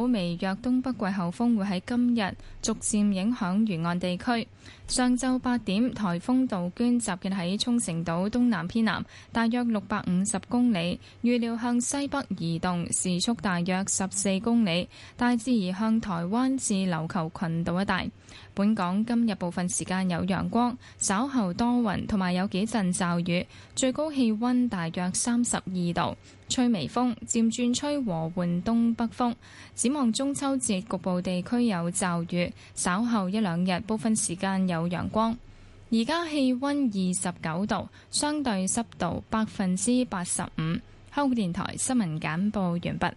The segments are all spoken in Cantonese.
好微弱，東北季候風會喺今日逐漸影響沿岸地區。上晝八點台風杜鵑集結喺沖繩島東南偏南，大約六百五十公里，預料向西北移動時速大約十四公里，大致移向台灣至琉球群島一帶。本港今日部分時間有陽光，稍後多雲同埋有幾陣驟雨，最高氣溫大約三十二度。吹微風，漸轉吹和緩東北風。展望中秋節，局部地區有驟雨，稍後一兩日部分時間有陽光。而家氣溫二十九度，相對濕度百分之八十五。香港電台新聞簡報完畢。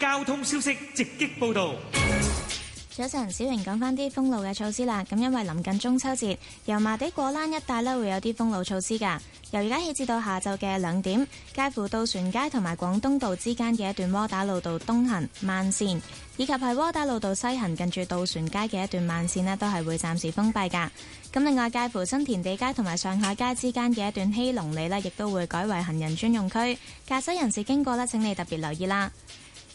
交通消息直擊報導。早晨，小瑩講返啲封路嘅措施啦。咁因為臨近中秋節，油麻地果欄一帶呢會有啲封路措施噶。由而家起至到下晝嘅兩點，介乎渡船街同埋廣東道之間嘅一段窩打路道東行慢線，以及係窩打路道西行近住渡船街嘅一段慢線呢，都係會暫時封閉噶。咁另外介乎新田地街同埋上海街之間嘅一段熙龍里呢，亦都會改為行人專用區，駕駛人士經過呢，請你特別留意啦。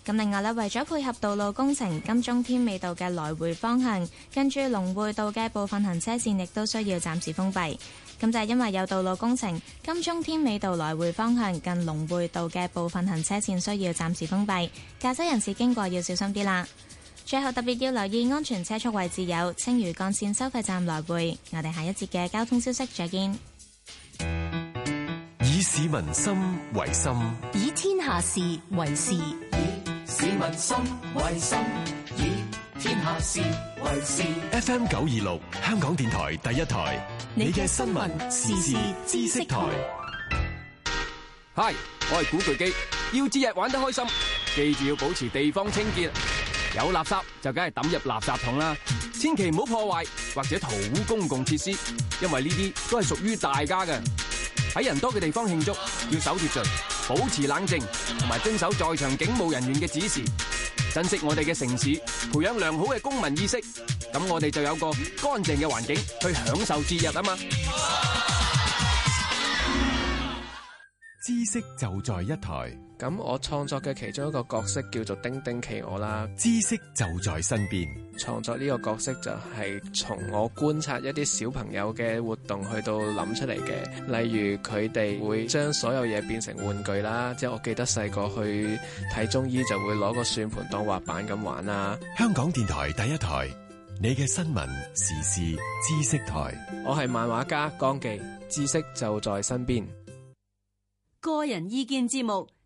咁另外咧，為咗配合道路工程，金鐘添美道嘅來回方向，跟住龍匯道嘅部分行車線亦都需要暫時封閉。咁就係、是、因為有道路工程，金鐘添美道來回方向近龍匯道嘅部分行車線需要暫時封閉，駕駛人士經過要小心啲啦。最後特別要留意安全車速位置有青嶼幹線收費站來回。我哋下一節嘅交通消息再見。以市民心為心，以天下事為事。民心為心，以天下事為事。FM 九二六，香港電台第一台。你嘅新聞時事知識台。係，我係古巨基。要節日玩得開心，記住要保持地方清潔。有垃圾就梗係抌入垃圾桶啦。千祈唔好破壞或者塗污公共設施，因為呢啲都係屬於大家嘅。喺人多嘅地方慶祝，要守秩序。保持冷靜，同埋遵守在場警務人員嘅指示，珍惜我哋嘅城市，培養良好嘅公民意識，咁我哋就有個乾淨嘅環境去享受節日啊嘛。知識就在一台。咁我創作嘅其中一個角色叫做丁丁企鵝啦，知識就在身邊。創作呢個角色就係從我觀察一啲小朋友嘅活動去到諗出嚟嘅，例如佢哋會將所有嘢變成玩具啦，即係我記得細個去睇中醫就會攞個算盤當滑板咁玩啦。香港電台第一台，你嘅新聞時事知識台，我係漫畫家江記，知識就在身邊。個人意見節目。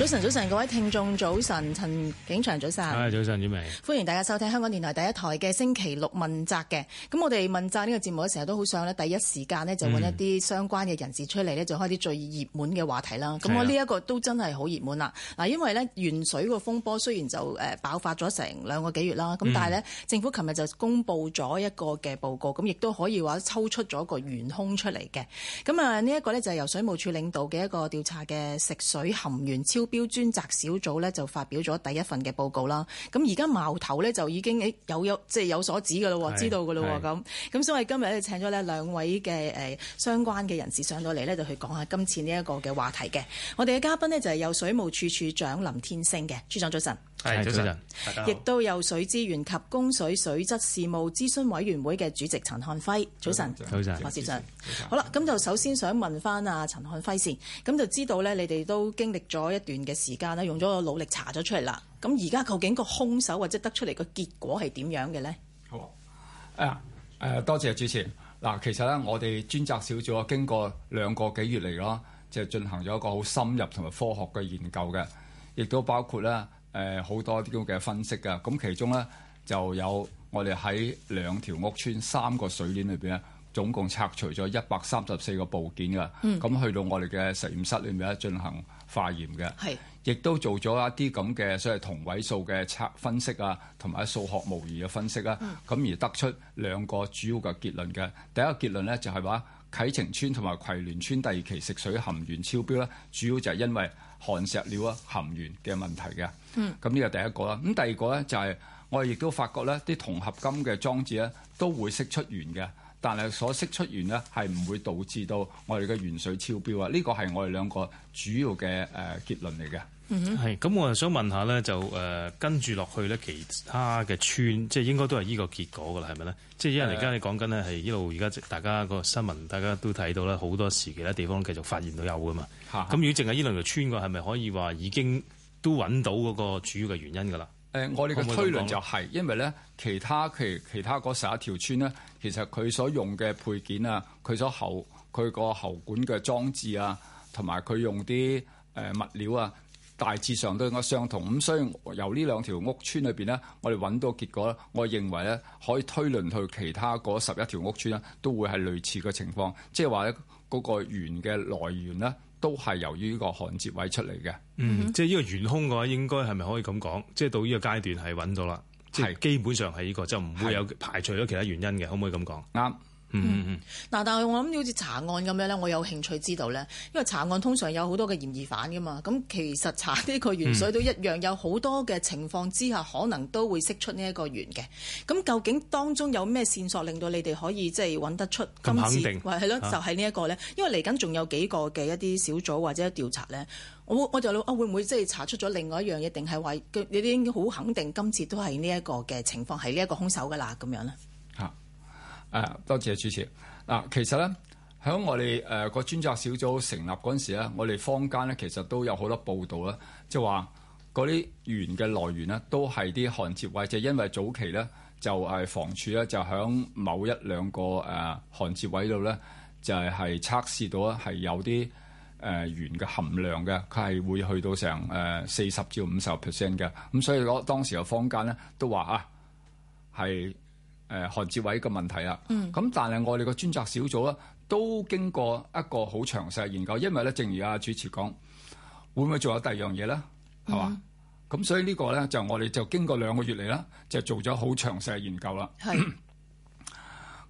早晨，早晨，各位聽眾早晨，陳景祥，早晨。早晨、啊早晨，歡迎大家收聽香港電台第一台嘅星期六問責嘅。咁我哋問責呢個節目咧，成日都好想咧，第一時間咧就揾一啲相關嘅人士出嚟咧，就、嗯、開啲最熱門嘅話題啦。咁、嗯、我呢一個都真係好熱門啦。嗱，因為咧，鉛水個風波雖然就誒、呃、爆發咗成兩個幾月啦，咁但係咧、嗯，政府琴日就公布咗一個嘅報告，咁亦都可以話抽出咗個原兇出嚟嘅。咁啊，呢一個咧就係、是、由水務署領導嘅一個調查嘅食水含鉛超標專責小組咧就發表咗第一份嘅報告啦，咁而家矛頭咧就已經誒有有即係有所指噶咯，知道噶咯咁，咁所以今日咧請咗呢兩位嘅誒相關嘅人士上到嚟咧就去講下今次呢一個嘅話題嘅，我哋嘅嘉賓呢，就係有水務署署長林天星嘅，署長早晨，係早晨，亦都有水資源及供水水質事務諮詢委員會嘅主席陳漢輝，早晨，早晨，馬先生。好啦，咁就首先想問返阿陳漢輝先，咁就知道咧，你哋都經歷咗一段嘅時間咧，用咗努力查咗出嚟啦。咁而家究竟個兇手或者得出嚟個結果係點樣嘅咧？好啊，誒、啊啊、多謝主持。嗱、啊，其實咧，我哋專責小組啊，經過兩個幾月嚟咯，就是、進行咗一個好深入同埋科學嘅研究嘅，亦都包括咧誒好多啲咁嘅分析嘅。咁其中咧就有我哋喺兩條屋村三個水鏈裏邊咧。總共拆除咗一百三十四個部件啦，咁、嗯、去到我哋嘅實驗室裏面咧進行化驗嘅，亦都做咗一啲咁嘅，所謂同位素嘅測分析啊，同埋數學模擬嘅分析啊。咁、嗯、而得出兩個主要嘅結論嘅，第一個結論咧就係話啟晴村同埋葵聯村第二期食水含鉛超標咧，主要就係因為含石料啊含鉛嘅問題嘅。咁呢個第一個啦，咁第二個咧就係我哋亦都發覺咧啲銅合金嘅裝置咧都會釋出鉛嘅。但係所釋出源呢，係唔會導致到我哋嘅源水超標啊。呢個係我哋兩個主要嘅誒結論嚟嘅。嗯咁，我又想問下咧，就誒、呃、跟住落去咧，其他嘅村即係應該都係依個結果㗎啦，係咪咧？即係因為而家你講緊咧係一路而家大家個新聞，大家都睇到咧，好多時其他地方繼續發現都有㗎嘛。咁、嗯、如果淨係依兩條村嘅係咪可以話已經都揾到嗰個主要嘅原因㗎啦？誒、呃，我哋嘅推論就係、是、因為咧，其他其其他嗰十一條村咧。其實佢所用嘅配件啊，佢所喉佢個喉管嘅裝置啊，同埋佢用啲誒物料啊，大致上都應該相同。咁所以由呢兩條屋邨裏邊咧，我哋揾到結果咧，我認為咧可以推論去其他嗰十一條屋邨咧，都會係類似嘅情況，即係話咧嗰個鉛嘅來源咧，都係由於呢個焊接位出嚟嘅。嗯，即係呢個原兇嘅話，應該係咪可以咁講？即係到呢個階段係揾到啦。即係基本上係呢個，就唔會有排除咗其他原因嘅，可唔可以咁講？啱，嗯嗯嗯。嗱、嗯，但係我諗好似查案咁樣咧，我有興趣知道咧，因為查案通常有好多嘅嫌疑犯噶嘛。咁其實查呢個鉛水都一樣，嗯、有好多嘅情況之下，可能都會釋出呢一個鉛嘅。咁究竟當中有咩線索令到你哋可以即係揾得出今次？咁肯定，係咯，就係呢一個咧、啊。因為嚟緊仲有幾個嘅一啲小組或者調查咧。我就會唔會即係查出咗另外一樣嘢，定係話你哋已經好肯定今次都係呢一個嘅情況係呢一個兇手噶啦咁樣咧？嚇，誒多謝主持嗱、啊、其實咧響我哋誒、呃嗰個專責小組成立嗰陣時咧，我哋坊間咧其實都有好多報道啦，就話嗰啲鉛嘅來源呢，都係啲焊接位，就係、因為早期咧就係、是、房署咧就響某一兩個誒焊接位度咧就係係測試到係有啲。誒鉛嘅含量嘅，佢係會去到成誒四十至五十 percent 嘅，咁、呃、所以嗰當時候坊間咧都話啊，係誒、呃、韓誌偉嘅問題啦。咁、嗯、但係我哋個專責小組咧都經過一個好詳細嘅研究，因為咧正如阿主持講，會唔會做有第二樣嘢咧？係、嗯、嘛？咁所以個呢個咧就我哋就經過兩個月嚟啦，就做咗好詳細嘅研究啦。係。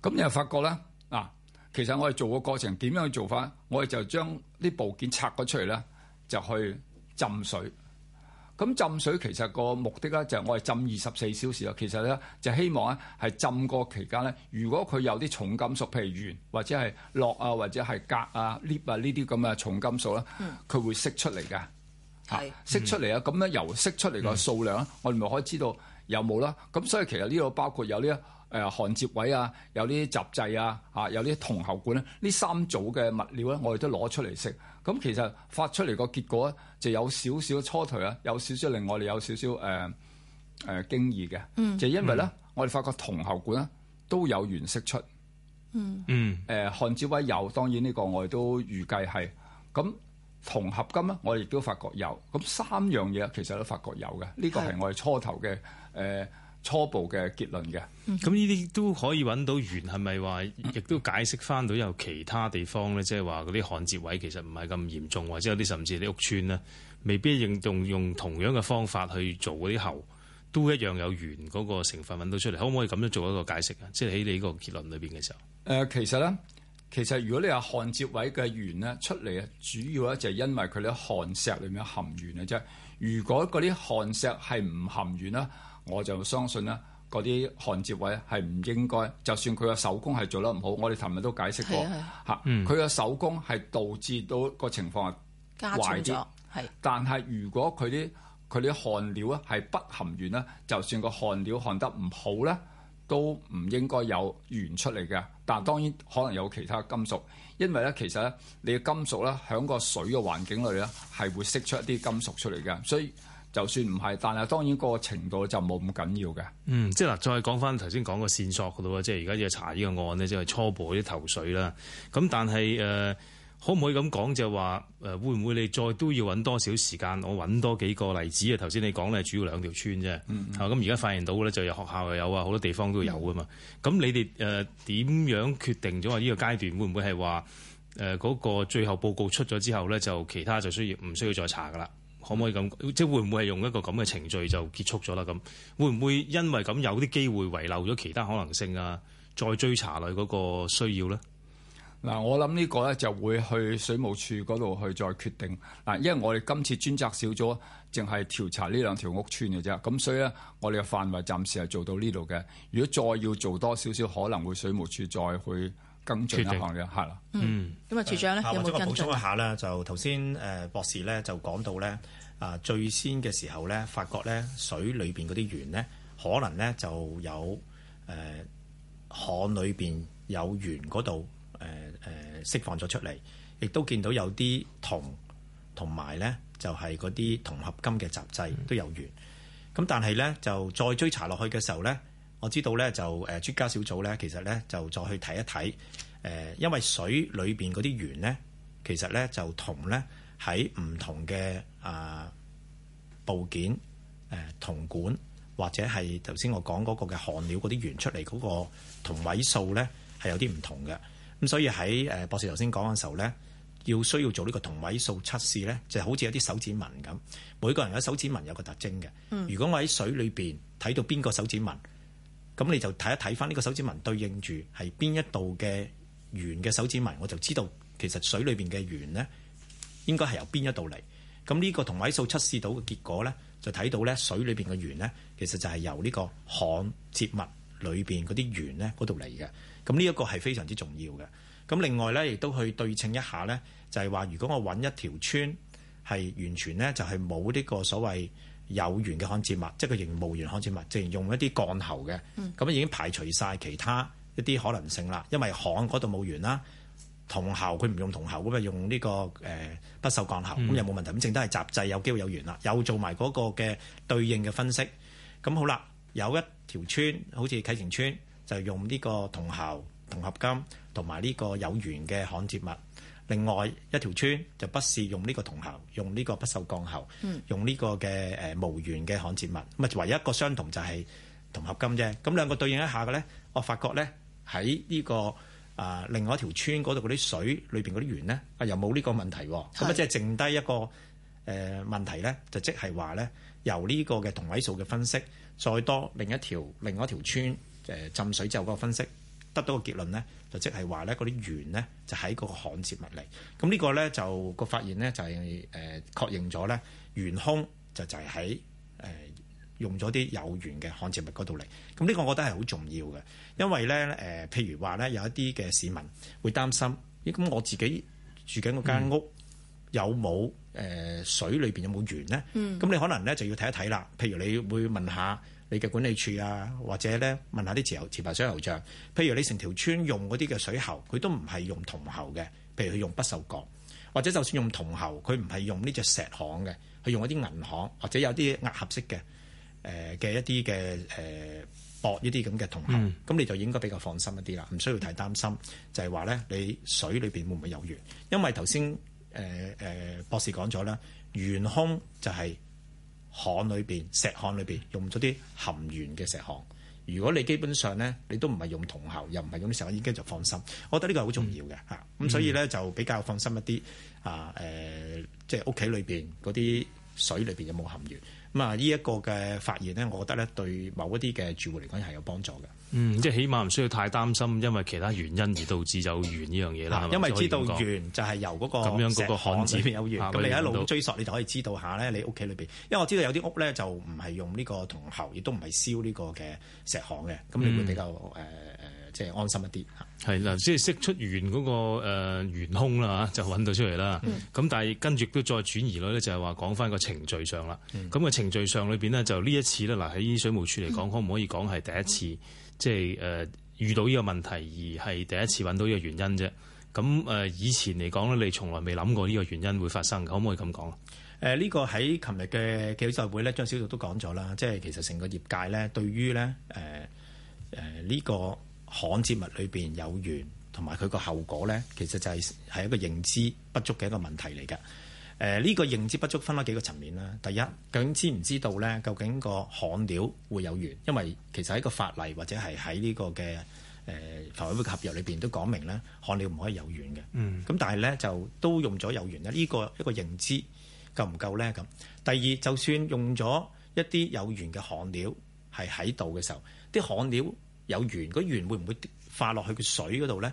咁你 又發覺咧？其實我哋做個過程點樣去做法？我哋就將啲部件拆咗出嚟咧，就去浸水。咁浸水其實個目的咧，就係我哋浸二十四小時咯。其實咧，就希望咧係浸過期間咧，如果佢有啲重金屬，譬如鉛或者係鉻啊，或者係鎘啊、鎳啊呢啲咁嘅重金屬咧，佢會釋出嚟嘅。係釋出嚟啊！咁、嗯、樣由釋出嚟個數量，嗯、我哋咪可以知道有冇啦。咁所以其實呢個包括有呢一。誒、呃、焊接位啊，有啲雜質啊，嚇、啊、有啲銅喉管咧、啊，呢三組嘅物料咧，我哋都攞出嚟食。咁其實發出嚟個結果咧，就有少少初頭啊，有少少令我哋有少少誒誒驚異嘅。就係、因為咧、嗯，我哋發覺銅喉管咧都有原色出。嗯嗯，誒焊接位有，當然呢個我哋都預計係。咁銅合金咧，我哋亦都發覺有。咁三樣嘢其實都發覺有嘅。呢、呢個係我哋初頭嘅誒。初步嘅結論嘅咁，呢、嗯、啲都可以揾到鉛係咪話，亦都解釋翻到有其他地方咧，即係話嗰啲焊接位其實唔係咁嚴重，或者有啲甚至啲屋村咧，未必用用用同樣嘅方法去做嗰啲喉都一樣有鉛嗰個成分揾到出嚟，可唔可以咁樣做一個解釋啊？即係喺你呢個結論裏邊嘅時候，誒、呃、其實咧，其實如果你話焊接位嘅鉛咧出嚟啊，主要咧就係因為佢哋喺焊石裡面含鉛嘅啫。如果嗰啲焊石係唔含鉛咧。我就相信咧，嗰啲焊接位係唔應該，就算佢嘅手工係做得唔好，我哋尋日都解釋過吓，佢嘅、啊嗯、手工係導致到個情況係壞咗。係，但係如果佢啲佢啲焊料咧係不含鉛呢，就算個焊料焊得唔好咧，都唔應該有鉛出嚟嘅。但係當然可能有其他金屬，因為咧其實咧你嘅金屬咧響個水嘅環境裏咧係會釋出一啲金屬出嚟嘅，所以。就算唔係，但係當然個程度就冇咁緊要嘅。嗯，即係嗱，再講翻頭先講個線索嗰度即係而家要查呢個案咧，即係初步啲頭緒啦。咁但係誒、呃，可唔可以咁講就話誒，會唔會你再都要揾多少時間？我揾多幾個例子啊。頭先你講咧，主要兩條村啫。嗯咁而家發現到咧，就有學校又有啊，好多地方都有噶嘛。咁、嗯、你哋誒點樣決定咗話呢個階段會唔會係話誒嗰個最後報告出咗之後咧，就其他就需要唔需要再查噶啦？可唔可以咁即係？會唔會係用一個咁嘅程序就結束咗啦？咁會唔會因為咁有啲機會遺漏咗其他可能性啊？再追查咧嗰個需要咧？嗱，我諗呢個咧就會去水務署嗰度去再決定嗱，因為我哋今次專責小組淨係調查呢兩條屋村嘅啫，咁所以咧我哋嘅範圍暫時係做到呢度嘅。如果再要做多少少，可能會水務署再去跟進。係啦，嗯，咁、嗯、啊，處長咧有冇補充一下咧，就頭先誒博士咧就講到咧。啊！最先嘅時候咧，發覺咧水裏邊嗰啲鉛咧，可能咧就有誒喉裏邊有鉛嗰度誒誒釋放咗出嚟，亦都見到有啲銅同埋咧就係嗰啲銅合金嘅雜質都有鉛。咁、嗯、但係咧就再追查落去嘅時候咧，我知道咧就誒專、呃、家小組咧其實咧就再去睇一睇誒、呃，因為水裏邊嗰啲鉛咧其實咧就銅咧。喺唔同嘅啊、呃、部件，誒、呃、銅管或者係頭先我講嗰個嘅焊料嗰啲圓出嚟嗰個同位素咧，係有啲唔同嘅。咁所以喺誒、呃、博士頭先講嘅時候咧，要需要做呢個同位素測試咧，就好似有啲手指紋咁，每個人嘅手指紋有個特徵嘅、嗯。如果我喺水裏邊睇到邊個手指紋，咁你就睇一睇翻呢個手指紋對應住係邊一度嘅圓嘅手指紋，我就知道其實水裏邊嘅圓咧。應該係由邊一度嚟？咁呢個同位素測試到嘅結果咧，就睇到咧水裏邊嘅鉛咧，其實就係由呢個焊接物裏邊嗰啲鉛咧嗰度嚟嘅。咁呢一個係非常之重要嘅。咁另外咧，亦都去對稱一下咧，就係、是、話如果我揾一條村，係完全咧就係冇呢個所謂有鉛嘅焊接物，即係佢仍無鉛焊接物，即、就、係、是、用一啲鋼喉嘅。嗯。咁已經排除晒其他一啲可能性啦，因為焊嗰度冇鉛啦。銅喉，佢唔用銅喉，咁啊用呢個誒不鏽鋼喉，咁又冇問題。咁淨得係雜制有機會有鉛啦，有做埋嗰個嘅對應嘅分析。咁好啦，有一條村好似啟晴邨就用呢個銅喉、銅合金同埋呢個有鉛嘅焊接物。另外一條村就不是用呢個銅喉，用呢個不鏽鋼喉，用呢個嘅誒無鉛嘅焊接物。咁啊唯一一個相同就係銅合金啫。咁兩個對應一下嘅咧，我發覺咧喺呢個。啊！另外一條村嗰度嗰啲水裏邊嗰啲鉛呢，啊，又冇呢個問題，咁啊，即係剩低一個誒問題呢，就即係話呢，由呢個嘅同位素嘅分析，再多另一條另外一條村誒浸水之後嘅分析，得到嘅結論呢，就即係話呢，嗰啲鉛呢，就喺嗰個焊接物嚟。咁呢個呢，就個發現呢，就係誒確認咗呢，鉛空就就係喺誒。呃用咗啲有鉛嘅焊接物嗰度嚟，咁呢個我覺得係好重要嘅，因為咧誒、呃，譬如話咧有一啲嘅市民會擔心，咦、欸、咁我自己住緊嗰間屋、嗯、有冇誒、呃、水裏邊有冇鉛咧？咁、嗯、你可能咧就要睇一睇啦。譬如你會問下你嘅管理處啊，或者咧問下啲池池排水喉像。譬如你成條村用嗰啲嘅水喉，佢都唔係用銅喉嘅，譬如佢用不鏽鋼，或者就算用銅喉，佢唔係用呢隻錫焊嘅，係用一啲銀焊或者有啲壓合式嘅。誒、呃、嘅一啲嘅誒鑊呢啲咁嘅銅喉，咁、嗯、你就應該比較放心一啲啦，唔需要太擔心。就係話咧，你水裏邊會唔會有鉛？因為頭先誒誒博士講咗啦，鉛空就係巷裏邊石巷裏邊用咗啲含鉛嘅石巷。如果你基本上咧，你都唔係用銅喉，又唔係用啲石巷，應該就放心。我覺得呢個係好重要嘅嚇。咁、嗯嗯、所以咧就比較放心一啲啊誒，即係屋企裏邊嗰啲水裏邊有冇含鉛。咁啊，呢一個嘅發現咧，我覺得咧對某一啲嘅住戶嚟講係有幫助嘅。嗯，即係起碼唔需要太擔心，因為其他原因而導致有鉛呢樣嘢啦。因為知道鉛就係由嗰個石巷裏樣個原子邊有鉛，咁你一路追溯，你就可以知道下咧你屋企裏邊。因為我知道有啲屋咧就唔係用呢個銅喉，亦都唔係燒呢個嘅石巷嘅，咁你會比較誒。嗯即係安心一啲嚇，係啦，即係識出完嗰、那個誒原兇啦嚇，就揾到出嚟啦。咁、嗯、但係跟住都再轉移落咧，就係話講翻個程序上啦。咁、嗯、個程序上裏邊呢，就呢一次咧，嗱喺水務署嚟講，可唔可以講係第一次，嗯、即係誒、呃、遇到呢個問題而係第一次揾到呢個原因啫？咁誒、呃、以前嚟講咧，你從來未諗過呢個原因會發生嘅，可唔可以咁講？誒、呃、呢、這個喺琴日嘅記者會咧，張小玉都講咗啦，即係其實成個業界咧，對於咧誒誒呢個。焊接物裏邊有鉛，同埋佢個後果呢，其實就係係一個認知不足嘅一個問題嚟嘅。誒、呃，呢、這個認知不足分開幾個層面啦。第一，究竟知唔知道呢？究竟個焊料會有鉛？因為其實喺個法例或者係喺呢個嘅誒財委會合約裏邊都講明呢，焊料唔可以有鉛嘅。嗯。咁但係呢，就都用咗有鉛咧。呢、這個一、這個認知夠唔夠呢？咁第二，就算用咗一啲有鉛嘅焊料係喺度嘅時候，啲焊料，有鉛，個鉛會唔會化落去個水嗰度咧？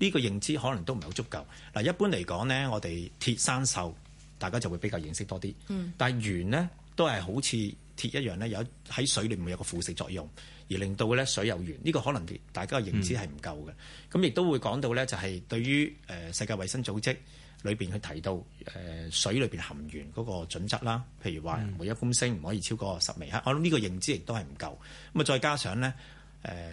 呢個認知可能都唔係好足夠嗱。一般嚟講咧，我哋鐵生鏽，大家就會比較認識多啲。嗯，但係鉛咧都係好似鐵一樣咧，有喺水裏面有個腐蝕作用，而令到咧水有鉛。呢個可能大家嘅認知係唔夠嘅。咁亦都會講到咧，就係對於世界衛生組織裏面去提到水裏面含鉛嗰個準則啦。譬如話每一公升唔可以超過十微克。我諗呢個認知亦都係唔夠咁啊。再加上咧。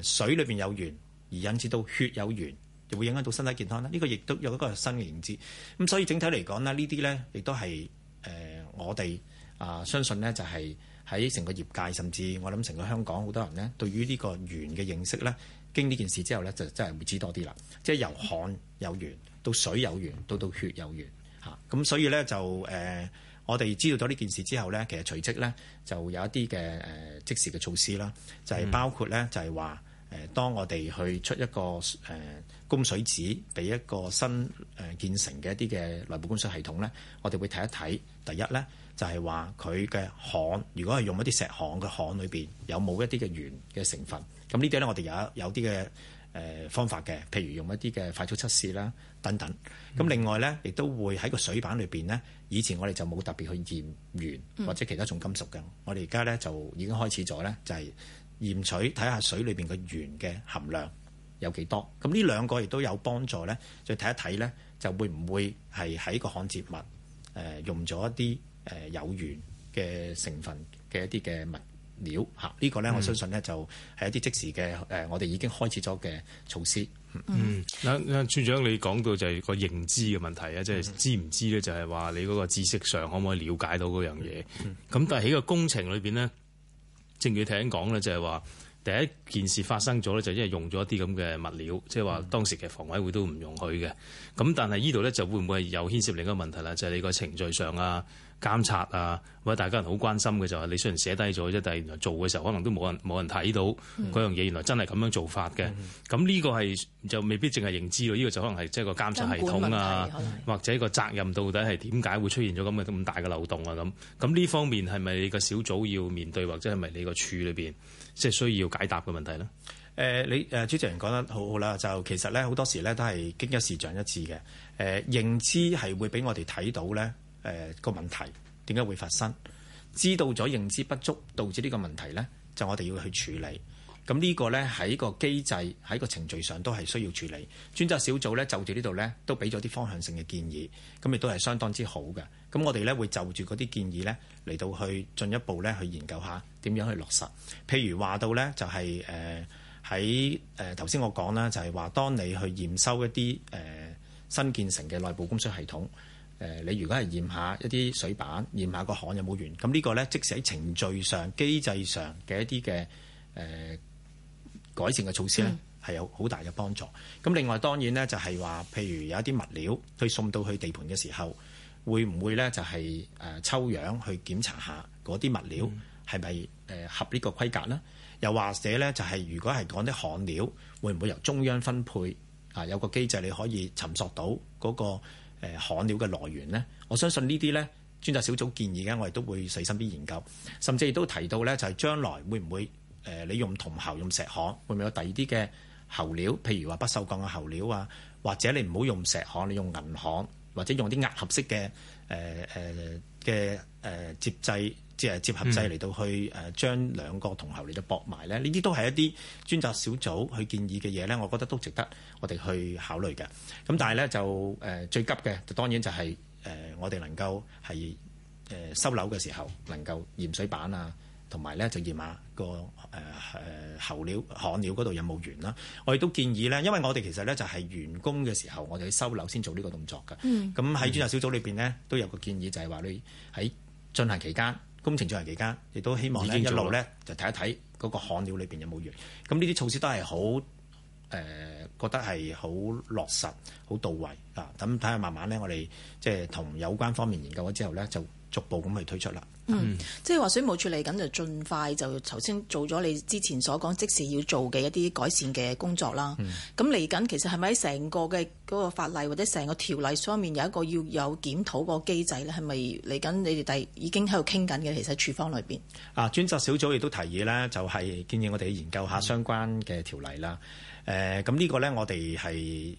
水裏面有鉛，而引致到血有鉛，就會影響到身體健康啦。呢、這個亦都有一個新嘅認知咁，所以整體嚟講咧，這些呢啲呢亦都係誒、呃、我哋啊、呃、相信呢，就係喺成個業界，甚至我諗成個香港好多人呢，對於呢個鉛嘅認識呢，經呢件事之後呢，就真係會知多啲啦。即、就、係、是、由汗有鉛到水有鉛，到到血有鉛嚇咁，所以呢，就誒。呃我哋知道咗呢件事之後呢，其實隨即呢就有一啲嘅誒即時嘅措施啦，就係、是、包括呢，就係話誒，當我哋去出一個誒供水紙俾一個新誒建成嘅一啲嘅內部供水系統呢，我哋會睇一睇，第一呢，就係話佢嘅焊，如果係用一啲石焊嘅焊裏邊有冇一啲嘅鉛嘅成分，咁呢啲呢，我哋有有啲嘅。誒方法嘅，譬如用一啲嘅快速測試啦，等等。咁另外咧，亦都會喺個水板裏邊咧，以前我哋就冇特別去驗鉛或者其他重金屬嘅，我哋而家咧就已經開始咗咧，就係驗水，睇下水裏邊嘅鉛嘅含量有幾多。咁呢兩個亦都有幫助咧，再睇一睇咧，就會唔會係喺個焊接物誒用咗一啲誒有鉛嘅成分嘅一啲嘅物料嚇呢、這個咧，我相信咧就係一啲即時嘅誒、嗯，我哋已經開始咗嘅措施。嗯，嗱、嗯，署長你講到就係個認知嘅問題啊，即係知唔知咧？就係、是、話你嗰個知識上可唔可以了解到嗰樣嘢？咁、嗯嗯、但係喺個工程裏邊呢，正如聽講咧就係話第一件事發生咗咧，就因為用咗一啲咁嘅物料，即係話當時嘅房委會都唔容許嘅。咁但係呢度咧就會唔會又牽涉另一個問題啦？就係、是、你個程序上啊。監察啊，或者大家人好關心嘅就係你雖然寫低咗啫，但係原來做嘅時候可能都冇人冇人睇到嗰樣嘢，原來真係咁樣做法嘅。咁、嗯、呢個係就未必淨係認知咯，依、這個就可能係即係個監察系統啊，或者個責任到底係點解會出現咗咁嘅咁大嘅漏洞啊？咁咁呢方面係咪你個小組要面對，或者係咪你個處裏邊即係需要解答嘅問題呢？誒、呃，你誒主持人講得好好啦。就其實咧，好多時咧都係經一事長一智嘅。誒、呃，認知係會俾我哋睇到咧。誒、呃、個問題點解會發生？知道咗認知不足導致呢個問題呢，就我哋要去處理。咁呢個呢，喺個機制喺個程序上都係需要處理。專責小組呢，就住呢度呢，都俾咗啲方向性嘅建議，咁亦都係相當之好嘅。咁我哋呢，會就住嗰啲建議呢，嚟到去進一步呢，去研究下點樣去落實。譬如話到呢，就係誒喺誒頭先我講啦，就係、是、話當你去驗收一啲誒、呃、新建成嘅內部供水系統。誒，你如果係驗下一啲水板，驗下個焊有冇完，咁呢個呢，即使喺程序上、機制上嘅一啲嘅誒改善嘅措施呢，係有好大嘅幫助。咁、嗯、另外當然呢，就係話，譬如有一啲物料去送到去地盤嘅時候，會唔會呢、就係，就係誒抽樣去檢查下嗰啲物料係咪誒合呢個規格呢？嗯、又或者呢，就係如果係講啲焊料，會唔會由中央分配啊？有個機制你可以尋索到嗰、嗰個。誒、呃、焊料嘅來源呢，我相信呢啲呢專責小組建議呢，我哋都會細心啲研究，甚至亦都提到呢，就係、是、將來會唔會、呃、你用銅喉用石焊，會唔會有第二啲嘅焊料？譬如話不鏽鋼嘅焊料啊，或者你唔好用石焊，你用銀焊，或者用啲壓合式嘅嘅誒接制即係接合劑嚟到去誒，將兩個銅喉嚟到搏埋咧。呢啲都係一啲專責小組去建議嘅嘢咧，我覺得都值得我哋去考慮嘅。咁但係咧就誒最急嘅就當然就係誒我哋能夠係誒收樓嘅時候能夠驗水板啊，同埋咧就驗下個誒誒喉料焊料嗰度有冇完啦。我亦哋都建議咧，因為我哋其實咧就係完工嘅時候，我哋收樓先做呢個動作㗎。咁喺專責小組裏邊咧都有個建議，就係話你喺進行期間。工程進行期間，亦都希望呢一路咧就睇一睇嗰個焊料裏面有冇鉛。咁呢啲措施都係好誒，覺得係好落實、好到位啊。咁睇下慢慢咧，我哋即係同有關方面研究咗之後咧，就逐步咁去推出啦。嗯，即係話水務處理緊就盡快就頭先做咗你之前所講即時要做嘅一啲改善嘅工作啦。咁嚟緊其實係咪喺成個嘅嗰個法例或者成個條例上面有一個要有檢討個機制咧？係咪嚟緊你哋第已經喺度傾緊嘅其實處方裏邊？啊，專責小組亦都提議啦，就係、是、建議我哋研究下相關嘅條例啦。嗯誒咁呢個咧，我哋係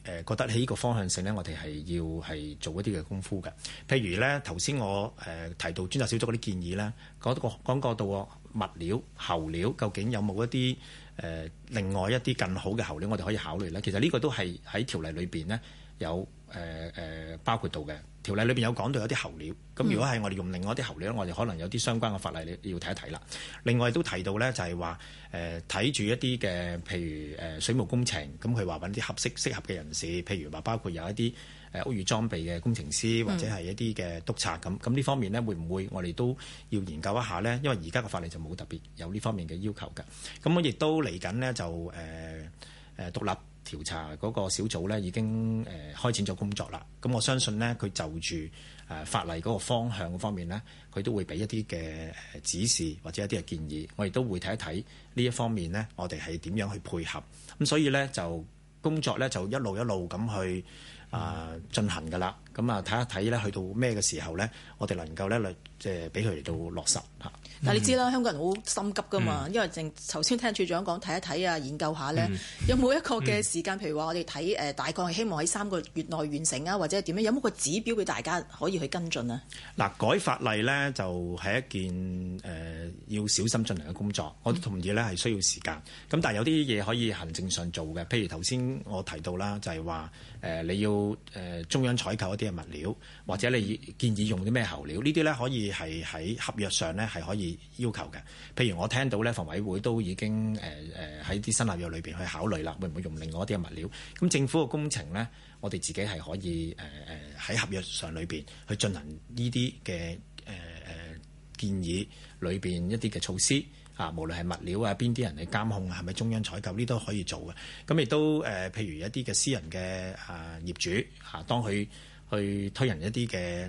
誒覺得喺呢個方向性咧，我哋係要係做一啲嘅功夫嘅。譬如咧，頭先我誒提到專責小組嗰啲建議咧，講個講過到物料、喉料，究竟有冇一啲誒另外一啲更好嘅喉料，我哋可以考慮咧。其實呢個都係喺條例裏邊咧有誒誒包括到嘅。條例裏邊有講到有啲喉料，咁如果係我哋用另外一啲喉料，我哋可能有啲相關嘅法例你要睇一睇啦。另外都提到呢，就係話誒睇住一啲嘅，譬如誒、呃、水務工程，咁佢話揾啲合適適合嘅人士，譬如話包括有一啲誒、呃、屋宇裝備嘅工程師，或者係一啲嘅督察咁。咁、嗯、呢方面呢，會唔會我哋都要研究一下呢？因為而家嘅法例就冇特別有呢方面嘅要求嘅。咁我亦都嚟緊呢，就誒誒、呃呃、獨立。調查嗰個小組咧已經誒開展咗工作啦，咁我相信呢佢就住誒法例嗰個方向方面呢，佢都會俾一啲嘅指示或者一啲嘅建議，我亦都會睇一睇呢一方面呢，我哋係點樣去配合，咁所以呢就工作呢就一路一路咁去啊進行㗎啦。咁啊，睇一睇咧，去到咩嘅時候咧，我哋能夠咧，嚟即係俾佢嚟到落實吓、嗯，但係你知啦，香港人好心急噶嘛、嗯，因為正頭先聽署長講睇一睇啊，研究一下咧、嗯，有冇一個嘅時間、嗯、譬如話我哋睇誒大概係希望喺三個月內完成啊，或者係點樣有冇個指標俾大家可以去跟進啊？嗱、嗯，改法例咧就係一件誒、呃、要小心進行嘅工作，我都同意咧係需要時間，咁、嗯、但係有啲嘢可以行政上做嘅，譬如頭先我提到啦，就係話誒你要誒中央採購一啲。嘅物料，或者你建議用啲咩喉料？呢啲咧可以係喺合約上咧係可以要求嘅。譬如我聽到咧，房委會都已經誒誒喺啲新納入裏邊去考慮啦，會唔會用另外一啲嘅物料？咁政府嘅工程咧，我哋自己係可以誒誒喺合約上裏邊去進行呢啲嘅誒誒建議裏邊一啲嘅措施啊，無論係物料啊，邊啲人嘅監控啊，係咪中央採購呢，呢啲都可以做嘅。咁亦都誒、啊，譬如一啲嘅私人嘅啊業主啊，當佢去推行一啲嘅誒誒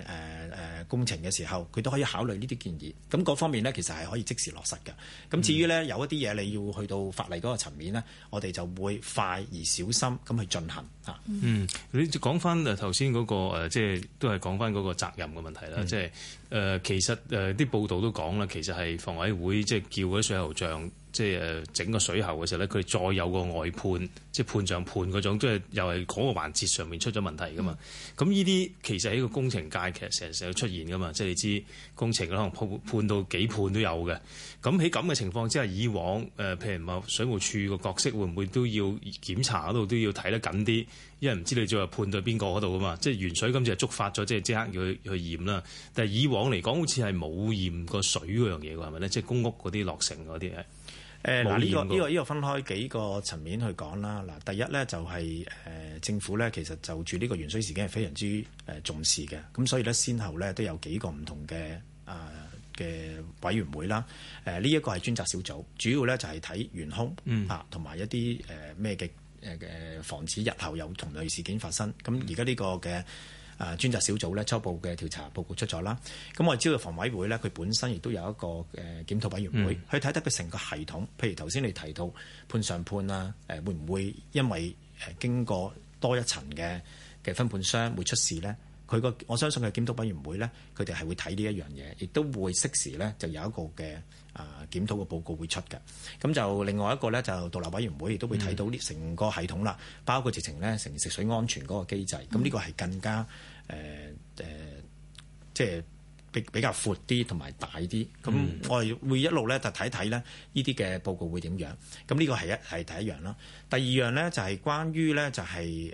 工程嘅時候，佢都可以考慮呢啲建議。咁各方面呢，其實係可以即時落實嘅。咁至於呢，有一啲嘢你要去到法例嗰個層面呢，我哋就會快而小心咁去進行吓嗯，嗯，你講翻誒頭先嗰個、呃、即係都係講翻嗰個責任嘅問題啦、嗯。即係誒、呃，其實啲、呃、報道都講啦，其實係房委會即係叫咗水喉匠。即係誒整個水喉嘅時候咧，佢再有個外判，即係判上判嗰種，都係又係嗰個環節上面出咗問題噶嘛。咁呢啲其實喺個工程界其實成日成日出現噶嘛。即係你知工程可能判到幾判都有嘅。咁喺咁嘅情況之下，以往誒、呃、譬如話水務署個角色會唔會都要檢查嗰度都要睇得緊啲？因為唔知你最後判到邊個嗰度噶嘛。即係原水今次係觸發咗，即係即刻要去去驗啦。但係以往嚟講，好似係冇驗過水嗰樣嘢喎，係咪咧？即係公屋嗰啲落成嗰啲誒嗱呢個呢、這個呢、這個分開幾個層面去講啦。嗱，第一咧就係、是、誒、呃、政府咧，其實就住呢個鉛水事件係非常之誒、呃、重視嘅。咁所以咧，先後咧都有幾個唔同嘅啊嘅委員會啦。誒呢一個係專責小組，主要咧就係、是、睇元兇、嗯、啊，同埋一啲誒咩嘅誒嘅防止日後有同類事件發生。咁而家呢個嘅。誒專責小組咧初步嘅調查報告出咗啦，咁我知道房委會咧，佢本身亦都有一個誒檢討委員會、嗯、去睇得睇睇佢成個系統，譬如頭先你提到判上判啊，誒會唔會因為經過多一層嘅嘅分判商會出事咧？佢個我相信嘅檢討委員會咧，佢哋係會睇呢一樣嘢，亦都會適時咧就有一個嘅啊檢討嘅報告會出嘅。咁就另外一個咧，就獨立委員會亦都會睇到呢成個系統啦、嗯，包括直情咧成食水安全嗰個機制。咁、嗯、呢個係更加即係比比較闊啲同埋大啲。咁我哋會一路咧就睇睇咧呢啲嘅報告會點樣。咁呢個係一係第一樣啦。第二樣咧就係關於咧就係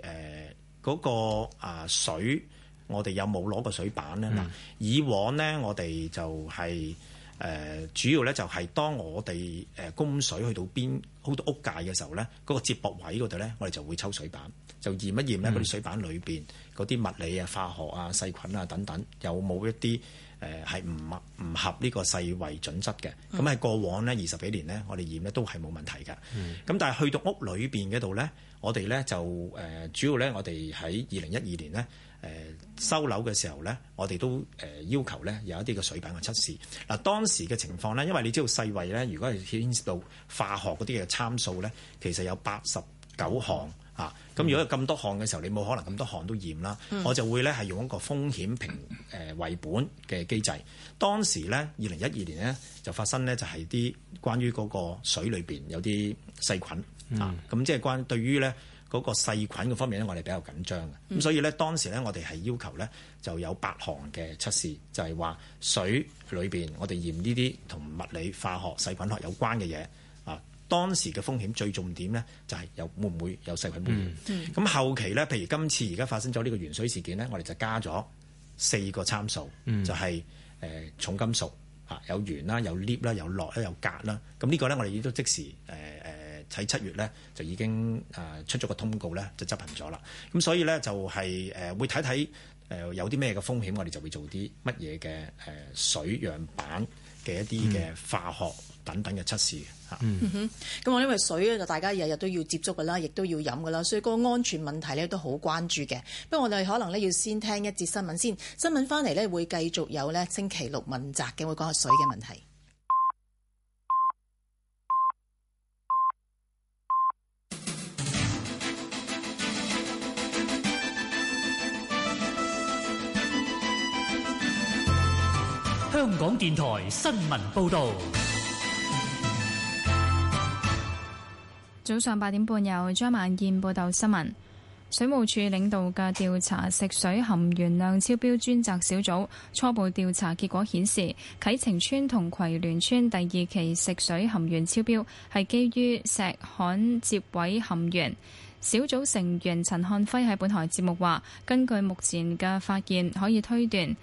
嗰個啊水。我哋有冇攞過水板呢？嗱、嗯，以往呢、就係，我哋就係誒主要呢，就係當我哋誒供水去到邊好多屋界嘅時候呢，嗰、嗰個接駁位嗰度呢，我哋就會抽水板，就驗一驗呢，嗰啲水板裏邊嗰啲物理啊、化學啊、細菌啊等等，有冇一啲？誒係唔唔合呢個世衛準則嘅，咁、嗯、喺過往呢二十幾年呢，我哋驗咧都係冇問題嘅。咁、嗯、但係去到屋裏邊嗰度呢，我哋呢就誒、呃、主要呢、呃，我哋喺二零一二年呢誒收樓嘅時候呢，我哋都誒要求呢有一啲嘅水品嘅測試嗱。當時嘅情況呢，因為你知道世衛呢，如果係牽涉到化學嗰啲嘅參數呢，其實有八十九項。啊！咁如果有咁多項嘅時候，你冇可能咁多項都驗啦。我就會咧係用一個風險評誒、呃、為本嘅機制。當時咧，二零一二年咧就發生咧就係啲關於嗰個水裏面有啲細菌啊。咁即係關於對於咧嗰個細菌嘅方面咧，我哋比較緊張嘅。咁所以咧當時咧我哋係要求咧就有八項嘅測試，就係、是、話水裏面我哋驗呢啲同物理、化學、細菌學有關嘅嘢。當時嘅風險最重點咧，就係有會唔會有細菌污染？咁、嗯、後期咧，譬如今次而家發生咗呢個鉛水事件咧，我哋就加咗四個參數，嗯、就係、是、誒重金屬嚇，有鉛啦，有鎘啦，有落，啦，有鉻啦。咁呢個咧，我哋亦都即時誒誒喺七月咧，就已經誒出咗個通告咧，就執行咗啦。咁所以咧，就係誒會睇睇誒有啲咩嘅風險，我哋就會做啲乜嘢嘅誒水樣板嘅一啲嘅化學。嗯等等嘅測試嚇。咁、嗯嗯、我因為水就大家日日都要接觸㗎啦，亦都要飲㗎啦，所以個安全問題咧都好關注嘅。不過我哋可能咧要先聽一節新聞先，新聞翻嚟咧會繼續有咧星期六問責嘅，會講下水嘅問題。香港電台新聞報導。早上八點半，由張曼燕報道新聞。水務署領導嘅調查食水含原鉛量超標專責小組初步調查結果顯示，啟晴邨同葵聯村第二期食水含鉛超標，係基於錫焊接位含鉛。小組成員陳漢輝喺本台節目話：根據目前嘅發現，可以推斷，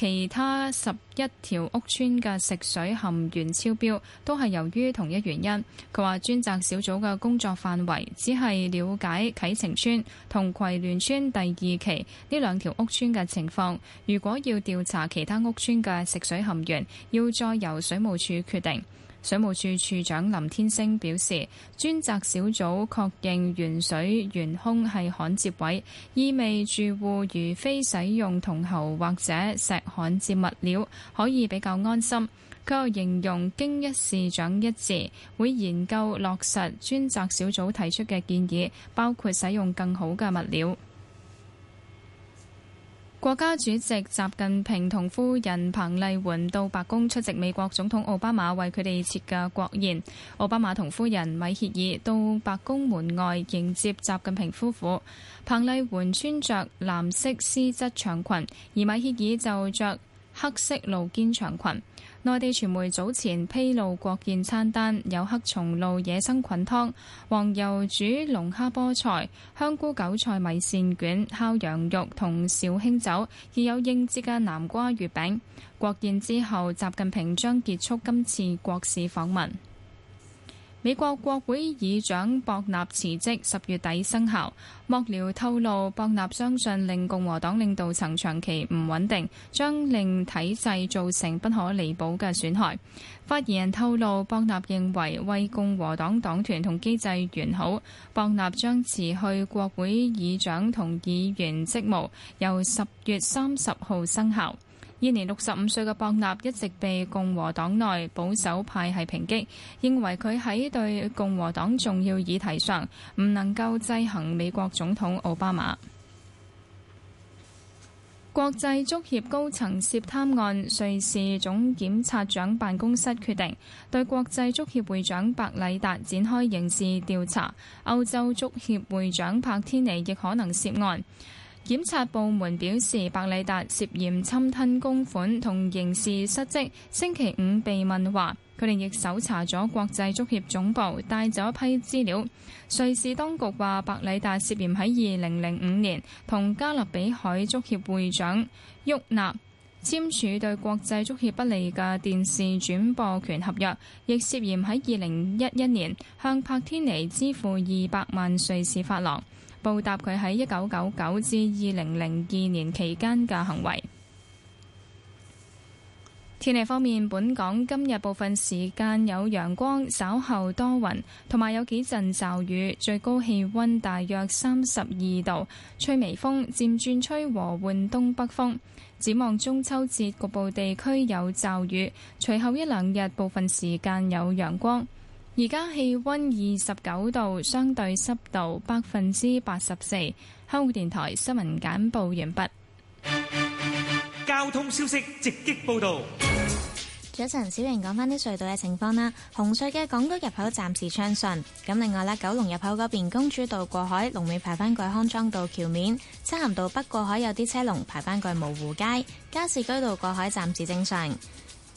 其他十一條屋村嘅食水含鉛超標都係由於同一原因。佢話專責小組嘅工作範圍只係了解啟晴邨同葵聯邨第二期呢兩條屋村嘅情況，如果要調查其他屋村嘅食水含鉛要再由水務署決定。水務署署長林天星表示，專責小組確認鉛水元兇係焊接位，意味住戶如非使用銅喉或者石焊接物料，可以比較安心。佢又形容經一事長一智，會研究落實專責小組提出嘅建議，包括使用更好嘅物料。國家主席習近平同夫人彭麗媛到白宮出席美國總統奧巴馬為佢哋設嘅國宴。奧巴馬同夫人米歇爾到白宮門外迎接習近平夫婦。彭麗媛穿着藍色絲質長裙，而米歇爾就着黑色露肩長裙。內地傳媒早前披露國宴餐單有黑松露野生菌湯、黃油煮龍蝦菠菜、香菇韭菜米線卷、烤羊肉同紹興酒，亦有應節嘅南瓜月餅。國宴之後，習近平將結束今次國事訪問。美國國會議長博納辭職，十月底生效。幕僚透露，博納相信令共和黨領導層長期唔穩定，將令體制造成不可彌補嘅損害。發言人透露，博納認為為共和黨黨團同機制完好，博納將辭去國會議長同議員職務，由十月三十號生效。現年六十五歲嘅博納一直被共和黨內保守派系抨擊，認為佢喺對共和黨重要議題上唔能夠制衡美國總統奧巴馬。國際足協高層涉貪案，瑞士總檢察長辦公室決定對國際足協會長白禮達展開刑事調查，歐洲足協會長柏天尼亦可能涉案。檢察部門表示，白禮達涉嫌侵吞公款同刑事失職，星期五被問話。佢哋亦搜查咗國際足協總部，帶走一批資料。瑞士當局話，白禮達涉嫌喺2005年同加勒比海足協會長沃納簽署對國際足協不利嘅電視轉播權合約，亦涉嫌喺2011年向柏天尼支付200萬瑞士法郎。報答佢喺一九九九至二零零二年期間嘅行為。天氣方面，本港今日部分時間有陽光，稍後多雲，同埋有幾陣驟雨，最高氣温大約三十二度，吹微風，漸轉吹和緩東北風。展望中秋節，局部地區有驟雨，隨後一兩日部分時間有陽光。而家氣溫二十九度，相對濕度百分之八十四。香港電台新聞簡報完畢。交通消息直擊報道。早晨小瑩，講翻啲隧道嘅情況啦。紅隧嘅港島入口暫時暢順。咁另外啦，九龍入口嗰邊公主道過海龍尾排翻過康莊道橋面，漆咸道北過海有啲車龍排翻過蕪湖街，加士居道過海暫時正常。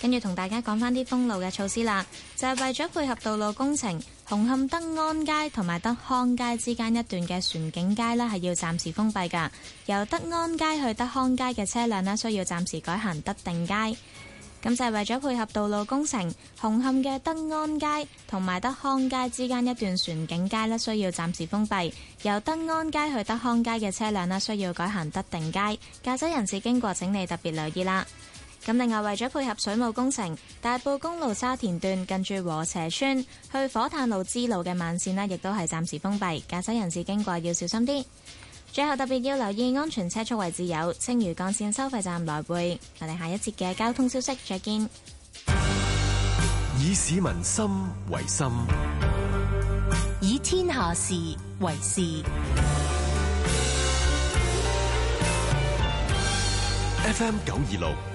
跟住同大家講翻啲封路嘅措施啦，就係為咗配合道路工程，紅磡德安街同埋德康街之間一段嘅船景街呢係要暫時封閉噶由德安街去德康街嘅車輛呢需要暫時改行德定街。咁就係為咗配合道路工程，紅磡嘅德安街同埋德康街之間一段船景街呢需要暫時封閉，由德安街去德康街嘅車輛呢需要改行德定街。駕駛人士經過，請你特別留意啦。咁另外為咗配合水務工程，大埔公路沙田段近住禾輋邨去火炭路支路嘅慢線呢，亦都係暫時封閉，駕駛人士經過要小心啲。最後特別要留意安全車速位置，有青嶼幹線收費站來回。我哋下一節嘅交通消息再見。以市民心為心，以天下事為事。F M 九二六。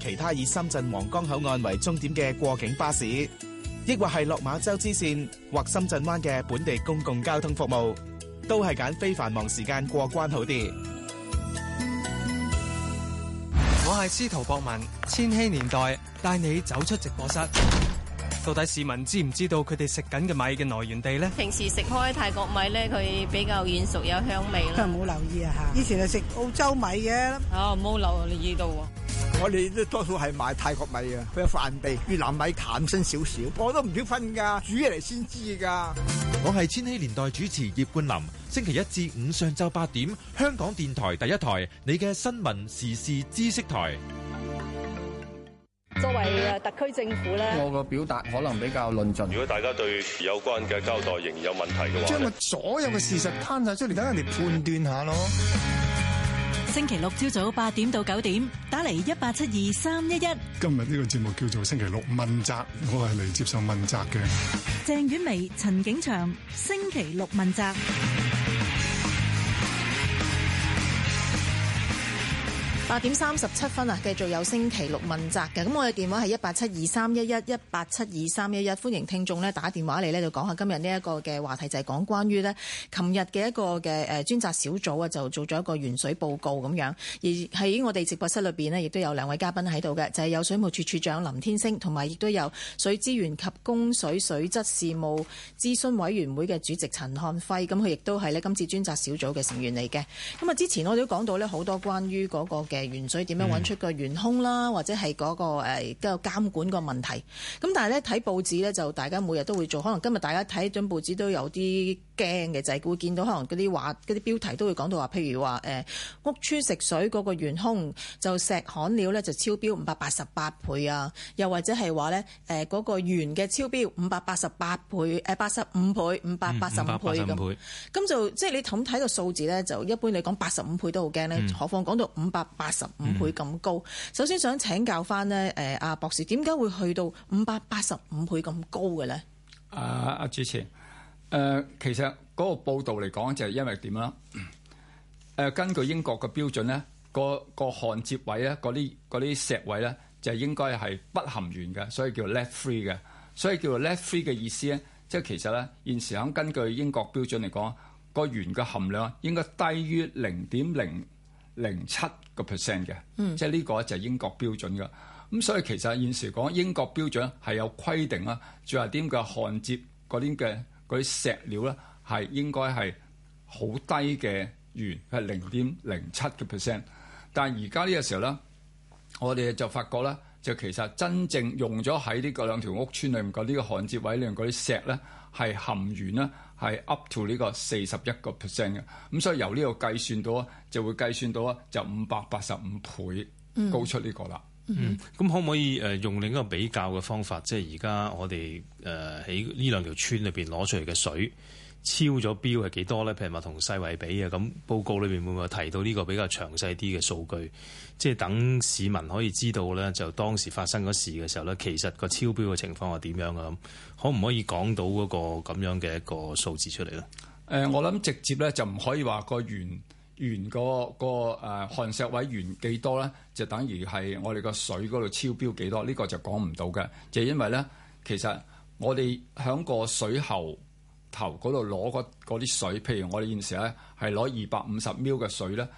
其他以深圳皇崗口岸為終點嘅過境巴士，抑或係落馬洲支線或深圳灣嘅本地公共交通服務，都係揀非繁忙時間過關好啲。我係司徒博文，千禧年代帶你走出直播室。到底市民知唔知道佢哋食緊嘅米嘅來源地呢？平時食開泰國米咧，佢比較軟熟有香味咯。冇留意啊吓！以前係食澳洲米嘅。哦，冇留意到。我哋都多數係買泰國米啊，佢有飯味；越南米淡聲少少，我都唔曉分噶，煮嘢嚟先知噶。我係千禧年代主持葉冠霖，星期一至五上晝八點，香港電台第一台，你嘅新聞時事知識台。作為誒特區政府咧，我個表達可能比較論盡。如果大家對有關嘅交代仍然有問題嘅話，將個所有嘅事實攤晒出嚟，等、嗯、人哋判斷下咯。星期六朝早八點到九點，打嚟一八七二三一一。今日呢個節目叫做星期六問責，我係嚟接受問責嘅。鄭婉薇、陳景祥，星期六問責。八點三十七分啊，繼續有星期六問責嘅。咁我嘅電話係一八七二三一一一八七二三一一，歡迎聽眾呢打電話嚟呢就講下今日呢一個嘅話題，就係講關於呢琴日嘅一個嘅誒專責小組啊，就做咗一個原水報告咁樣。而喺我哋直播室裏面呢，亦都有兩位嘉賓喺度嘅，就係有水務署署長林天星，同埋亦都有水資源及供水水質事務諮詢委員會嘅主席陳漢輝。咁佢亦都係呢今次專責小組嘅成員嚟嘅。咁啊，之前我都講到呢好多關於嗰個嘅。原水點樣揾出個元兇啦，或者係嗰個誒都有監管個問題。咁但係咧，睇報紙咧，就大家每日都會做，可能今日大家睇張報紙都有啲。驚嘅就係，會見到可能嗰啲話，嗰啲標題都會講到話，譬如話誒屋邨食水嗰個鉛空就石鈣料咧就超標五百八十八倍啊，又或者係話咧誒嗰個鉛嘅超標五百八十八倍誒八十五倍五百八十五倍咁，咁、嗯、就即係、就是、你睇個數字咧，就一般嚟講八十五倍都好驚咧，何況講到五百八十五倍咁高，嗯，首先想請教翻咧誒阿博士點解會去到五百八十五倍咁高嘅咧？啊，阿主持。誒、呃，其實嗰個報道嚟講就係因為點啦？誒、呃，根據英國嘅標準咧，那個個焊接位咧，嗰啲啲石位咧，就是、應該係不含鉛嘅，所以叫 lead free 嘅。所以叫做 lead free 嘅意思咧，即、就、係、是、其實咧現時響根據英國標準嚟講，個鉛嘅含量應該低於零點零零七個 percent 嘅。嗯，即係呢個就係英國標準嘅。咁所以其實現時講英國標準係有規定啦，仲有啲咁嘅焊接嗰啲嘅。佢啲石料咧係應該係好低嘅鉛，係零點零七個 percent。但係而家呢個時候咧，我哋就發覺咧，就其實真正用咗喺呢個兩條屋村裏面嗰呢個焊接位裏面嗰啲石咧係含鉛呢，係 up to 呢個四十一個 percent 嘅。咁所以由呢個計算到就會計算到啊，就五百八十五倍高出呢個啦。嗯嗯，咁可唔可以誒用另一個比較嘅方法，即係而家我哋誒喺呢兩條村裏邊攞出嚟嘅水超咗標係幾多咧？譬如話同世衞比啊，咁報告裏面會唔會提到呢個比較詳細啲嘅數據，即係等市民可以知道咧，就當時發生嗰事嘅時候咧，其實個超標嘅情況係點樣啊？咁可唔可以講到嗰個咁樣嘅一個數字出嚟咧？誒、呃，我諗直接咧就唔可以話個原。原個個誒鉛石位原幾多咧，就等於係我哋個水嗰度超標幾多，呢、這個就講唔到嘅，就是、因為咧，其實我哋響個水喉頭嗰度攞嗰啲水，譬如我哋現時咧係攞二百五十 ml 嘅水咧，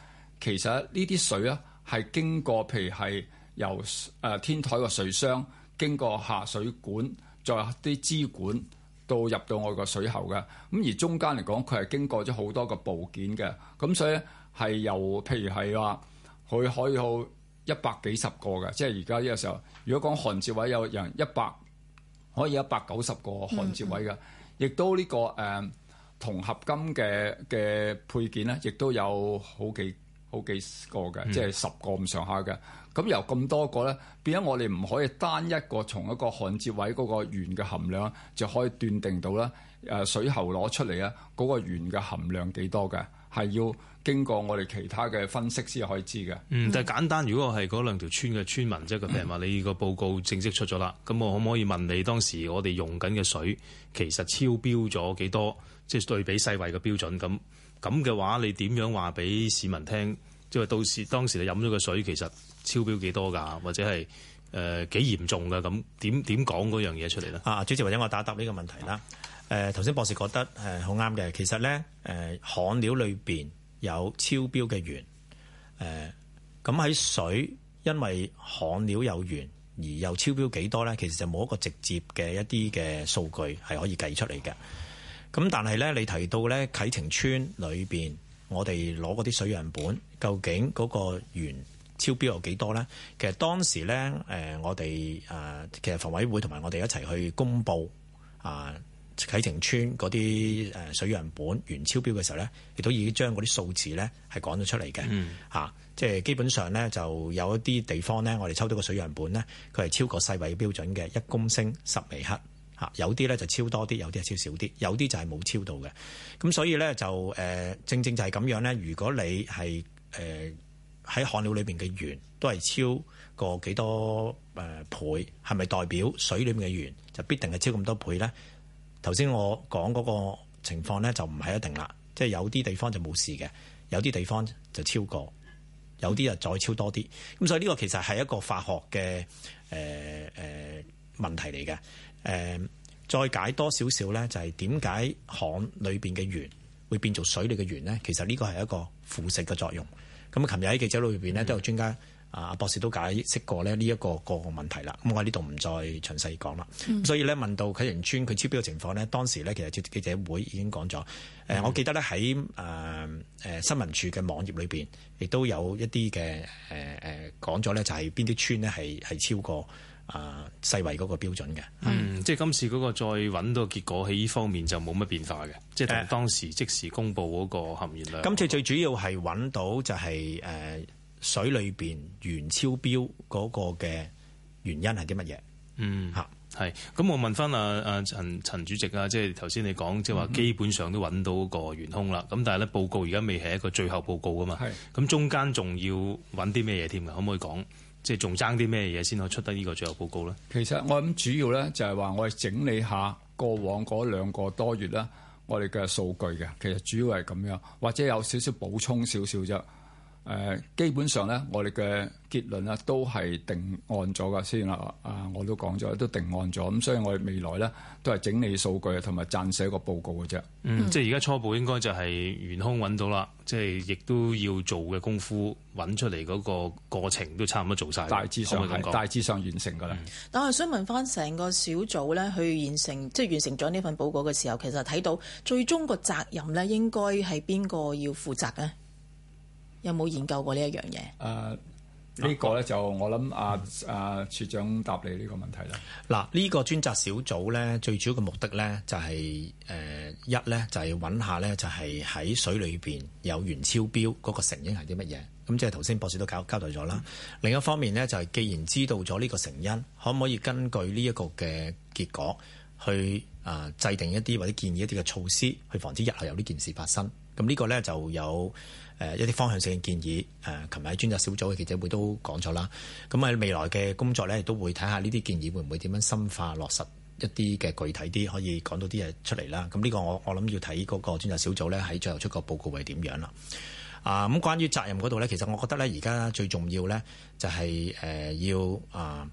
其實呢啲水咧係經過，譬如係由天台個水箱經過下水管再有啲支管。到入到我個水喉嘅，咁，而中間嚟講，佢係經過咗好多個部件嘅，咁，所以係由譬如係話佢可以好一百幾十個嘅。即係而家呢個時候，如果講焊接位有人一百可以一百九十個焊接位嘅，亦、嗯、都呢、呢個誒、呃、銅合金嘅嘅配件咧，亦都有好幾好幾個嘅、嗯，即係十個咁上下嘅。咁由咁多個咧，變咗我哋唔可以單一個從一個焊接位嗰個鉛嘅含量，就可以斷定到咧水喉攞出嚟啊嗰個鉛嘅含量幾多嘅，係要經過我哋其他嘅分析先可以知嘅。但、嗯、簡單，如果係嗰兩條村嘅村民即係個譬如話，嗯、如你個報告正式出咗啦，咁我可唔可以問你當時我哋用緊嘅水其實超標咗幾多？即係對比世衞嘅標準咁咁嘅話，你點樣話俾市民聽？即係到時當時你飲咗嘅水其實。超標幾多㗎，或者係誒幾嚴重㗎？咁點點講嗰樣嘢出嚟咧？啊，主席或者我打答呢個問題啦。誒、呃，頭先博士覺得誒好啱嘅。其實咧誒，焊、呃、料裏邊有超標嘅鉛，誒咁喺水，因為焊料有鉛，而又超標幾多咧？其實就冇一個直接嘅一啲嘅數據係可以計出嚟嘅。咁但係咧，你提到咧啟晴邨裏邊，我哋攞嗰啲水樣本，究竟嗰個鉛？超標有幾多咧？其實當時咧，誒、呃、我哋誒、呃、其實房委會同埋我哋一齊去公布啊，啟、呃、晴邨嗰啲誒水樣本原超標嘅時候咧，亦都已經將嗰啲數字咧係講咗出嚟嘅。嚇、嗯啊，即係基本上咧就有一啲地方咧，我哋抽到個水樣本咧，佢係超過世衞標準嘅一公升十微克。嚇、啊，有啲咧就超多啲，有啲係超少啲，有啲就係冇超到嘅。咁所以咧就誒、呃，正正就係咁樣咧。如果你係誒。呃喺焊料裏邊嘅鉛都係超過幾多誒倍，係咪代表水裏面嘅鉛就必定係超咁多倍呢？頭先我講嗰個情況呢，就唔係一定啦，即係有啲地方就冇事嘅，有啲地方就超過，有啲又再超多啲。咁所以呢個其實係一個化學嘅誒誒問題嚟嘅。誒、呃、再解多少少呢，就係點解焊裏邊嘅鉛會變做水裏嘅鉛呢？其實呢個係一個腐蝕嘅作用。咁啊！琴日喺記者會裏邊呢都有專家啊，阿博士都解釋過咧呢一個個案問題啦。咁我呢度唔再詳細講啦、嗯。所以咧，問到啟晴邨佢超標嘅情況呢，當時呢，其實記者會已經講咗、嗯呃。我記得咧喺誒新聞處嘅網頁裏面亦都有一啲嘅誒誒講咗咧，呃、就係邊啲村呢？係係超過。啊，世衛嗰個標準嘅，嗯，即係今次嗰個再揾到結果喺呢方面就冇乜變化嘅，即係同當時即時公布嗰個含鉛量、啊。今次最主要係揾到就係、是、誒、呃、水裏邊原超標嗰個嘅原因係啲乜嘢？嗯，吓係。咁我問翻阿阿陳陳主席啊，即係頭先你講即係話基本上都揾到個元兇啦。咁、嗯、但係咧報告而家未係一個最後報告啊嘛。係。咁中間仲要揾啲咩嘢添嘅？可唔可以講？即係仲爭啲咩嘢先可以出得呢個最後報告咧？其實我諗主要咧就係話我哋整理下過往嗰兩個多月啦，我哋嘅數據嘅，其實主要係咁樣，或者有少少補充少少啫。誒、呃、基本上咧，我哋嘅結論咧都係定案咗噶先啦。啊，我都講咗，都定案咗。咁所以我哋未來咧都係整理數據啊，同埋撰寫個報告嘅啫。嗯，即係而家初步應該就係原兇揾到啦。即係亦都要做嘅功夫揾出嚟嗰個過程都差唔多做晒，大致，上大致上完成了。大致上完成㗎啦。但係想問翻成個小組咧，去完成即係、就是、完成咗呢份報告嘅時候，其實睇到最終個責任咧，應該係邊個要負責咧？有冇研究過呢一樣嘢？誒、啊，呢、這個咧就我諗啊啊，署長答你呢個問題啦。嗱、啊，呢、這個專責小組咧，最主要嘅目的咧就係、是、誒、呃、一咧就係、是、揾下咧就係喺水裏邊有鉛超標嗰個成因係啲乜嘢。咁即係頭先博士都交交代咗啦、嗯。另一方面咧就係、是、既然知道咗呢個成因，可唔可以根據呢一個嘅結果去啊、呃、制定一啲或者建議一啲嘅措施去防止日後有呢件事發生？咁呢個咧就有，誒、呃、一啲方向性嘅建議，誒琴日專責小組嘅記者會都講咗啦。咁啊未來嘅工作咧，都會睇下呢啲建議會唔會點樣深化落實一啲嘅具體啲，可以講到啲嘢出嚟啦。咁呢個我我諗要睇嗰個專責小組咧，喺最後出個報告會點樣啦。啊、呃，咁關於責任嗰度咧，其實我覺得咧，而家最重要咧，就係、是、誒、呃、要啊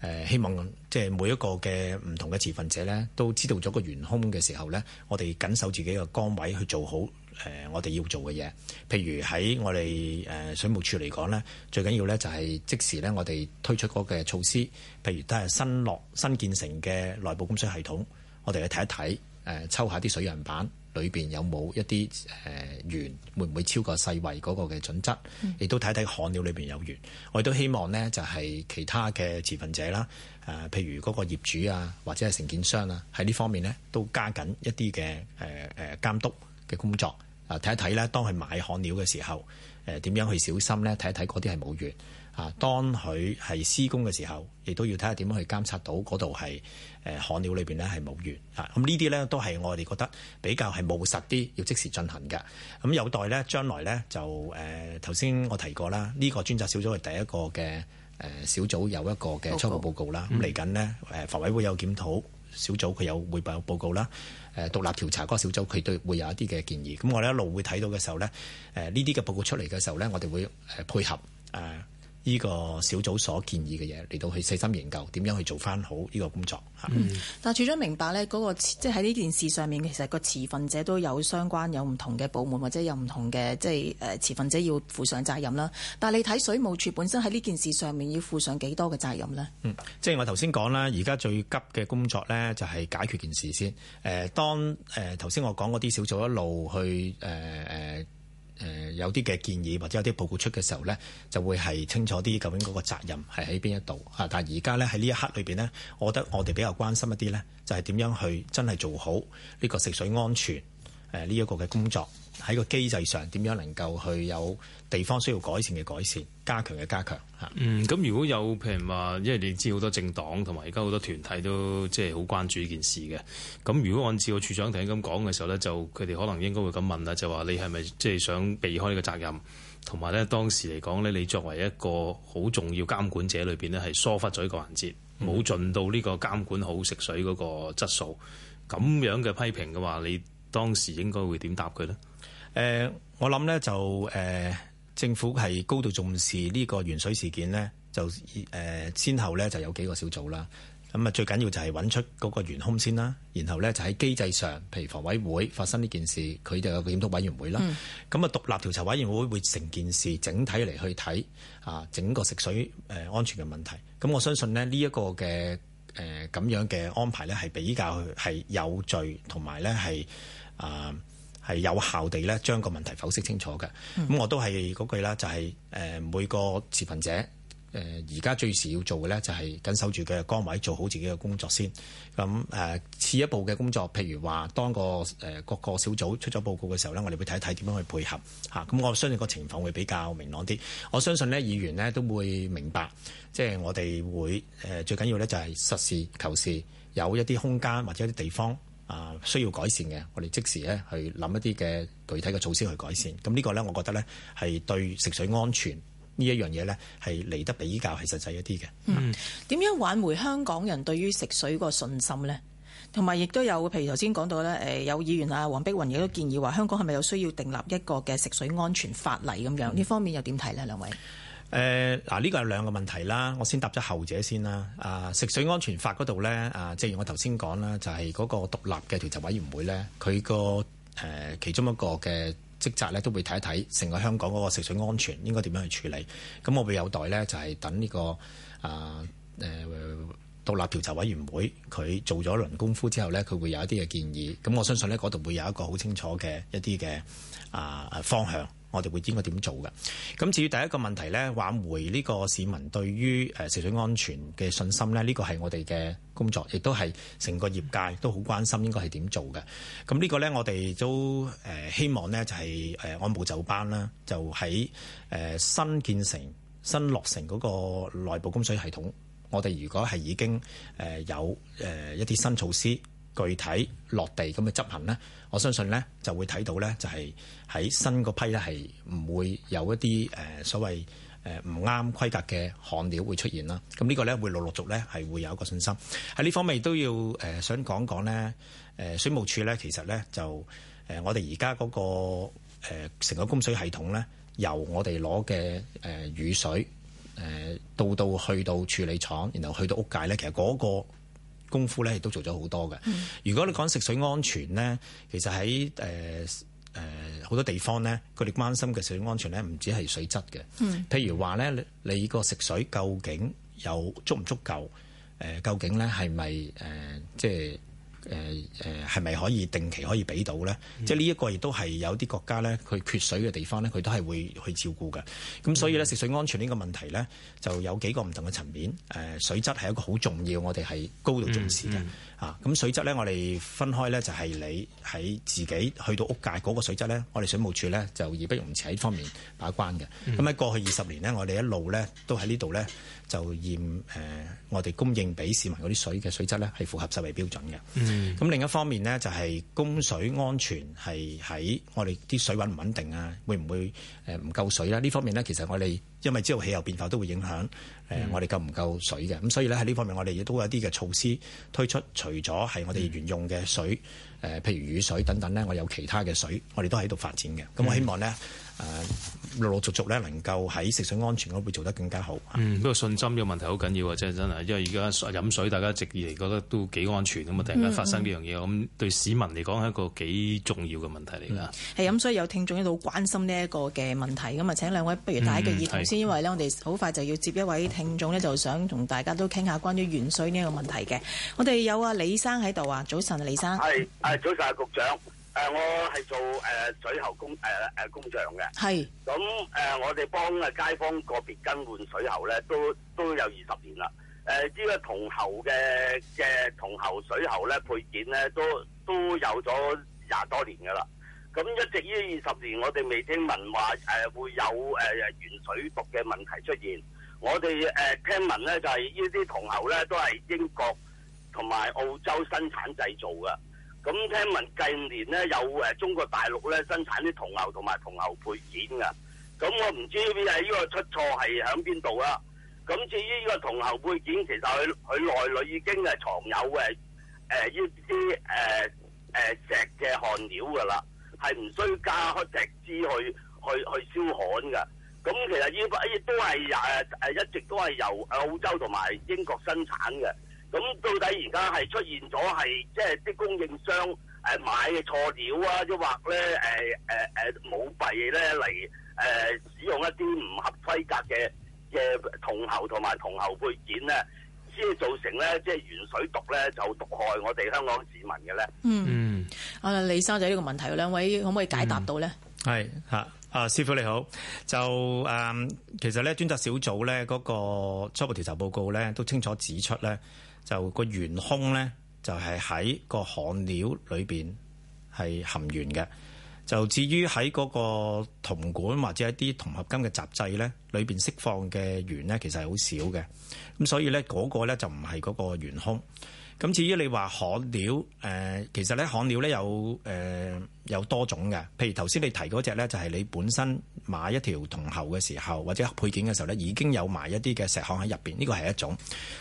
誒、呃、希望即係每一個嘅唔同嘅持份者咧，都知道咗個原兇嘅時候咧，我哋緊守自己嘅崗位去做好。誒、呃，我哋要做嘅嘢，譬如喺我哋誒、呃、水務署嚟講咧，最緊要咧就係即時咧，我哋推出嗰個措施，譬如都係新落新建成嘅內部供水系統，我哋去睇一睇，誒、呃、抽一下啲水樣板，裏邊有冇一啲誒鉛會唔會超過世衛嗰個嘅準則，亦、嗯、都睇睇旱料裏邊有鉛，我亦都希望呢就係、是、其他嘅持份者啦，誒、呃、譬如嗰個業主啊，或者係承建商啊，喺呢方面呢都加緊一啲嘅誒誒監督嘅工作。睇一睇咧，當佢買焊料嘅時候，誒點樣去小心咧？睇一睇嗰啲係冇鉛啊！當佢係施工嘅時候，亦都要睇下點樣去監察到嗰度係誒焊料裏邊咧係冇鉛啊！咁呢啲咧都係我哋覺得比較係務實啲，要即時進行嘅。咁有待咧將來咧就誒頭先我提過啦，呢個專責小組係第一個嘅誒小組有一個嘅初步報告啦。咁嚟緊咧誒法委會有檢討。小組佢有匯報報告啦，誒獨立調查嗰個小組，佢對會有一啲嘅建議。咁我咧一路會睇到嘅時候咧，誒呢啲嘅報告出嚟嘅時候咧，我哋會誒配合誒。呢、這個小組所建議嘅嘢，嚟到去細心研究點樣去做翻好呢個工作嚇、嗯嗯。但係除咗明白呢嗰、那個即係喺呢件事上面，其實個持份者都有相關有唔同嘅部門或者有唔同嘅即係誒、呃、持份者要負上責任啦。但係你睇水務署本身喺呢件事上面要負上幾多嘅責任呢？嗯，即係我頭先講啦，而家最急嘅工作呢，就係、是、解決件事先。誒、呃，當誒頭先我講嗰啲小組一路去誒誒。呃呃有啲嘅建議或者有啲報告出嘅時候呢，就會係清楚啲究竟嗰個責任係喺邊一度啊。但係而家呢，喺呢一刻裏面呢，我覺得我哋比較關心一啲呢，就係點樣去真係做好呢個食水安全誒呢一個嘅工作。喺個機制上點樣能夠去有地方需要改善嘅改善、加強嘅加強嚇。嗯，咁如果有譬如話，因為你知好多政黨同埋而家好多團體都即係好關注呢件事嘅。咁如果按照處長庭咁講嘅時候咧，就佢哋可能應該會咁問啦，就話、是、你係咪即係想避開呢個責任，同埋咧當時嚟講咧，你作為一個好重要監管者裏面咧，係疏忽咗一個環節，冇、嗯、盡到呢個監管好食水嗰個質素，咁樣嘅批評嘅話，你當時應該會點答佢咧？誒、呃，我諗呢就誒、呃，政府係高度重視呢個鉛水事件呢就誒、呃，先後呢就有幾個小組啦。咁啊，最緊要就係揾出嗰個元兇先啦。然後呢，就喺機制上，譬如房委會發生呢件事，佢就有個檢討委員會啦。咁、嗯、啊，獨立調查委員會會成件事整體嚟去睇啊，整個食水、呃、安全嘅問題。咁我相信呢一、這個嘅誒咁樣嘅安排呢，係比較係有序同埋呢係啊。呃係有效地咧，將個問題剖析清楚嘅。咁、嗯、我都係嗰句啦，就係、是、每個持份者而家、呃、最時要做嘅咧，就係緊守住嘅崗位，做好自己嘅工作先。咁、嗯、次一步嘅工作，譬如話當個各、呃、個小組出咗報告嘅時候咧，我哋會睇一睇點樣去配合吓，咁、嗯嗯、我相信個情況會比較明朗啲。我相信呢議員呢都會明白，即、就、係、是、我哋會、呃、最緊要咧就係實事求是，有一啲空間或者一啲地方。啊，需要改善嘅，我哋即時咧去諗一啲嘅具體嘅措施去改善。咁呢個呢，我覺得呢係對食水安全呢一樣嘢呢係嚟得比較係實際一啲嘅。嗯，點樣挽回香港人對於食水個信心呢？同埋亦都有，譬如頭先講到呢，誒有議員啊黃碧雲亦都建議話，香港係咪有需要訂立一個嘅食水安全法例咁樣？呢方面又點睇呢？兩位？誒、呃、嗱，呢、這個有兩個問題啦，我先答咗後者先啦。啊，食水安全法嗰度呢，啊，正如我頭先講啦，就係、是、嗰個獨立嘅調查委員會呢，佢個誒其中一個嘅職責呢，都會睇一睇成個香港嗰個食水安全應該點樣去處理。咁我會有待呢，就係、是、等呢、這個啊誒獨、呃、立調查委員會佢做咗一輪功夫之後呢，佢會有一啲嘅建議。咁我相信呢，嗰度會有一個好清楚嘅一啲嘅啊方向。我哋會應該點做嘅？咁至於第一個問題呢，挽回呢個市民對於誒食水安全嘅信心呢，呢、呢個係我哋嘅工作，亦都係成個業界都好關心應該係點做嘅。咁、呢、呢個呢，我哋都誒希望呢，就係誒按部就班啦，就喺誒新建成、新落成嗰個內部供水系統，我哋如果係已經誒有誒有一啲新措施，具體落地咁嘅執行呢。我相信咧就會睇到咧，就係、是、喺新嗰批咧係唔會有一啲誒、呃、所謂誒唔啱規格嘅焊料會出現啦。咁呢個咧會陸陸續咧係會有一個信心，喺呢方面都要誒、呃、想講講咧誒水務署咧其實咧就誒、呃、我哋而家嗰個成、呃、個供水系統咧由我哋攞嘅誒雨水誒、呃、到到去到處理廠，然後去到屋界咧，其實嗰、那個功夫咧，亦都做咗好多嘅。如果你講食水安全咧，其實喺誒誒好多地方咧，佢哋關心嘅食水安全咧，唔止係水質嘅。嗯。譬如話咧，你個食水究竟有足唔足夠？誒，究竟咧係咪誒，即係？誒、呃、誒，係、呃、咪可以定期可以俾到呢？即係呢一個亦都係有啲國家呢，佢缺水嘅地方呢，佢都係會去照顧嘅。咁所以呢、嗯，食水安全呢個問題呢，就有幾個唔同嘅層面，呃。水質係一個好重要，我哋係高度重視嘅，嗯嗯。啊，咁水質呢，我哋分開呢，就係、是、你喺自己去到屋界嗰個水質呢，我哋水務署呢，就義不容辭喺方面把關嘅。咁、嗯，喺過去二十年呢，我哋一路呢，都喺呢度呢。就驗，誒我哋供應俾市民嗰啲水嘅水質呢，係符合世衛標準嘅。咁另一方面呢，就係供水安全係喺我哋啲水穩唔穩定啊，會唔會誒唔夠水啦？呢方面呢，其實我哋因為知道氣候變化都會影響誒我哋夠唔夠水嘅。咁所以呢，喺呢方面，我哋亦都有一啲嘅措施推出。除咗係我哋原用嘅水，誒譬如雨水等等呢，我有其他嘅水，我哋都喺度發展嘅。咁我希望呢。誒，陸陸續續咧，能夠喺食水安全嗰邊做得更加好。嗯，不過信心呢個問題好緊要啊，即係真係，因為而家飲水，大家直以嚟覺得都幾安全咁嘛，突然間發生呢樣嘢，咁、嗯、對市民嚟講係一個幾重要嘅問題嚟噶。係、嗯，咁所以有聽眾喺度關心呢一個嘅問題，咁啊，請兩位不如戴個耳筒先、嗯，因為呢，我哋好快就要接一位聽眾呢，就想同大家都傾下關於鉛水呢個問題嘅。我哋有啊，李生喺度啊，早晨啊，李生。係、係早晨啊，局長。誒，我係做誒水喉工誒誒工匠嘅。係。咁誒，我哋幫誒街坊個別更換水喉咧，都都有二十年啦。誒，呢個銅喉嘅嘅銅喉水喉咧配件咧，都都有咗廿多年噶啦。咁一直呢二十年，我哋未聽聞話誒會有誒原水毒嘅問題出現。我哋誒聽聞咧就係、是、呢啲銅喉咧都係英國同埋澳洲生產製造噶。咁聽聞近年咧有中國大陸咧生產啲銅牛同埋銅牛配件噶，咁我唔知呢邊係呢個出錯係響邊度啦。咁至於呢個銅牛配件，其實佢佢內裏已經係藏有嘅，誒呢啲誒錫嘅焊料噶啦，係唔需加錫枝去去去燒焊噶。咁其實呢個都係一直都係由澳洲同埋英國生產嘅。咁到底而家係出現咗係即係啲供應商誒買嘅錯料啊，抑或咧誒誒誒舞弊咧嚟誒使用一啲唔合規格嘅嘅銅喉同埋銅喉配件咧，先至造成咧即係鉛水毒咧，就毒害我哋香港市民嘅咧。嗯，阿、嗯、李生仔呢個問題，兩位可唔可以解答到咧？係、嗯、嚇，阿、啊、師傅你好，就誒、嗯、其實咧專責小組咧嗰個初步調查報告咧都清楚指出咧。就個元兇呢，就係、是、喺個焊料裏邊係含鉛嘅。就至於喺嗰個銅管或者一啲銅合金嘅雜製呢，裏邊釋放嘅鉛呢，其實係好少嘅。咁所以呢，嗰、那個咧就唔係嗰個元兇。咁至於你話焊料，誒、呃，其實呢焊料呢有誒、呃、有多種嘅，譬如頭先你提嗰隻呢，就係、是、你本身。買一條銅喉嘅時候，或者配件嘅時候呢，已經有埋一啲嘅石焊喺入邊，呢個係一種。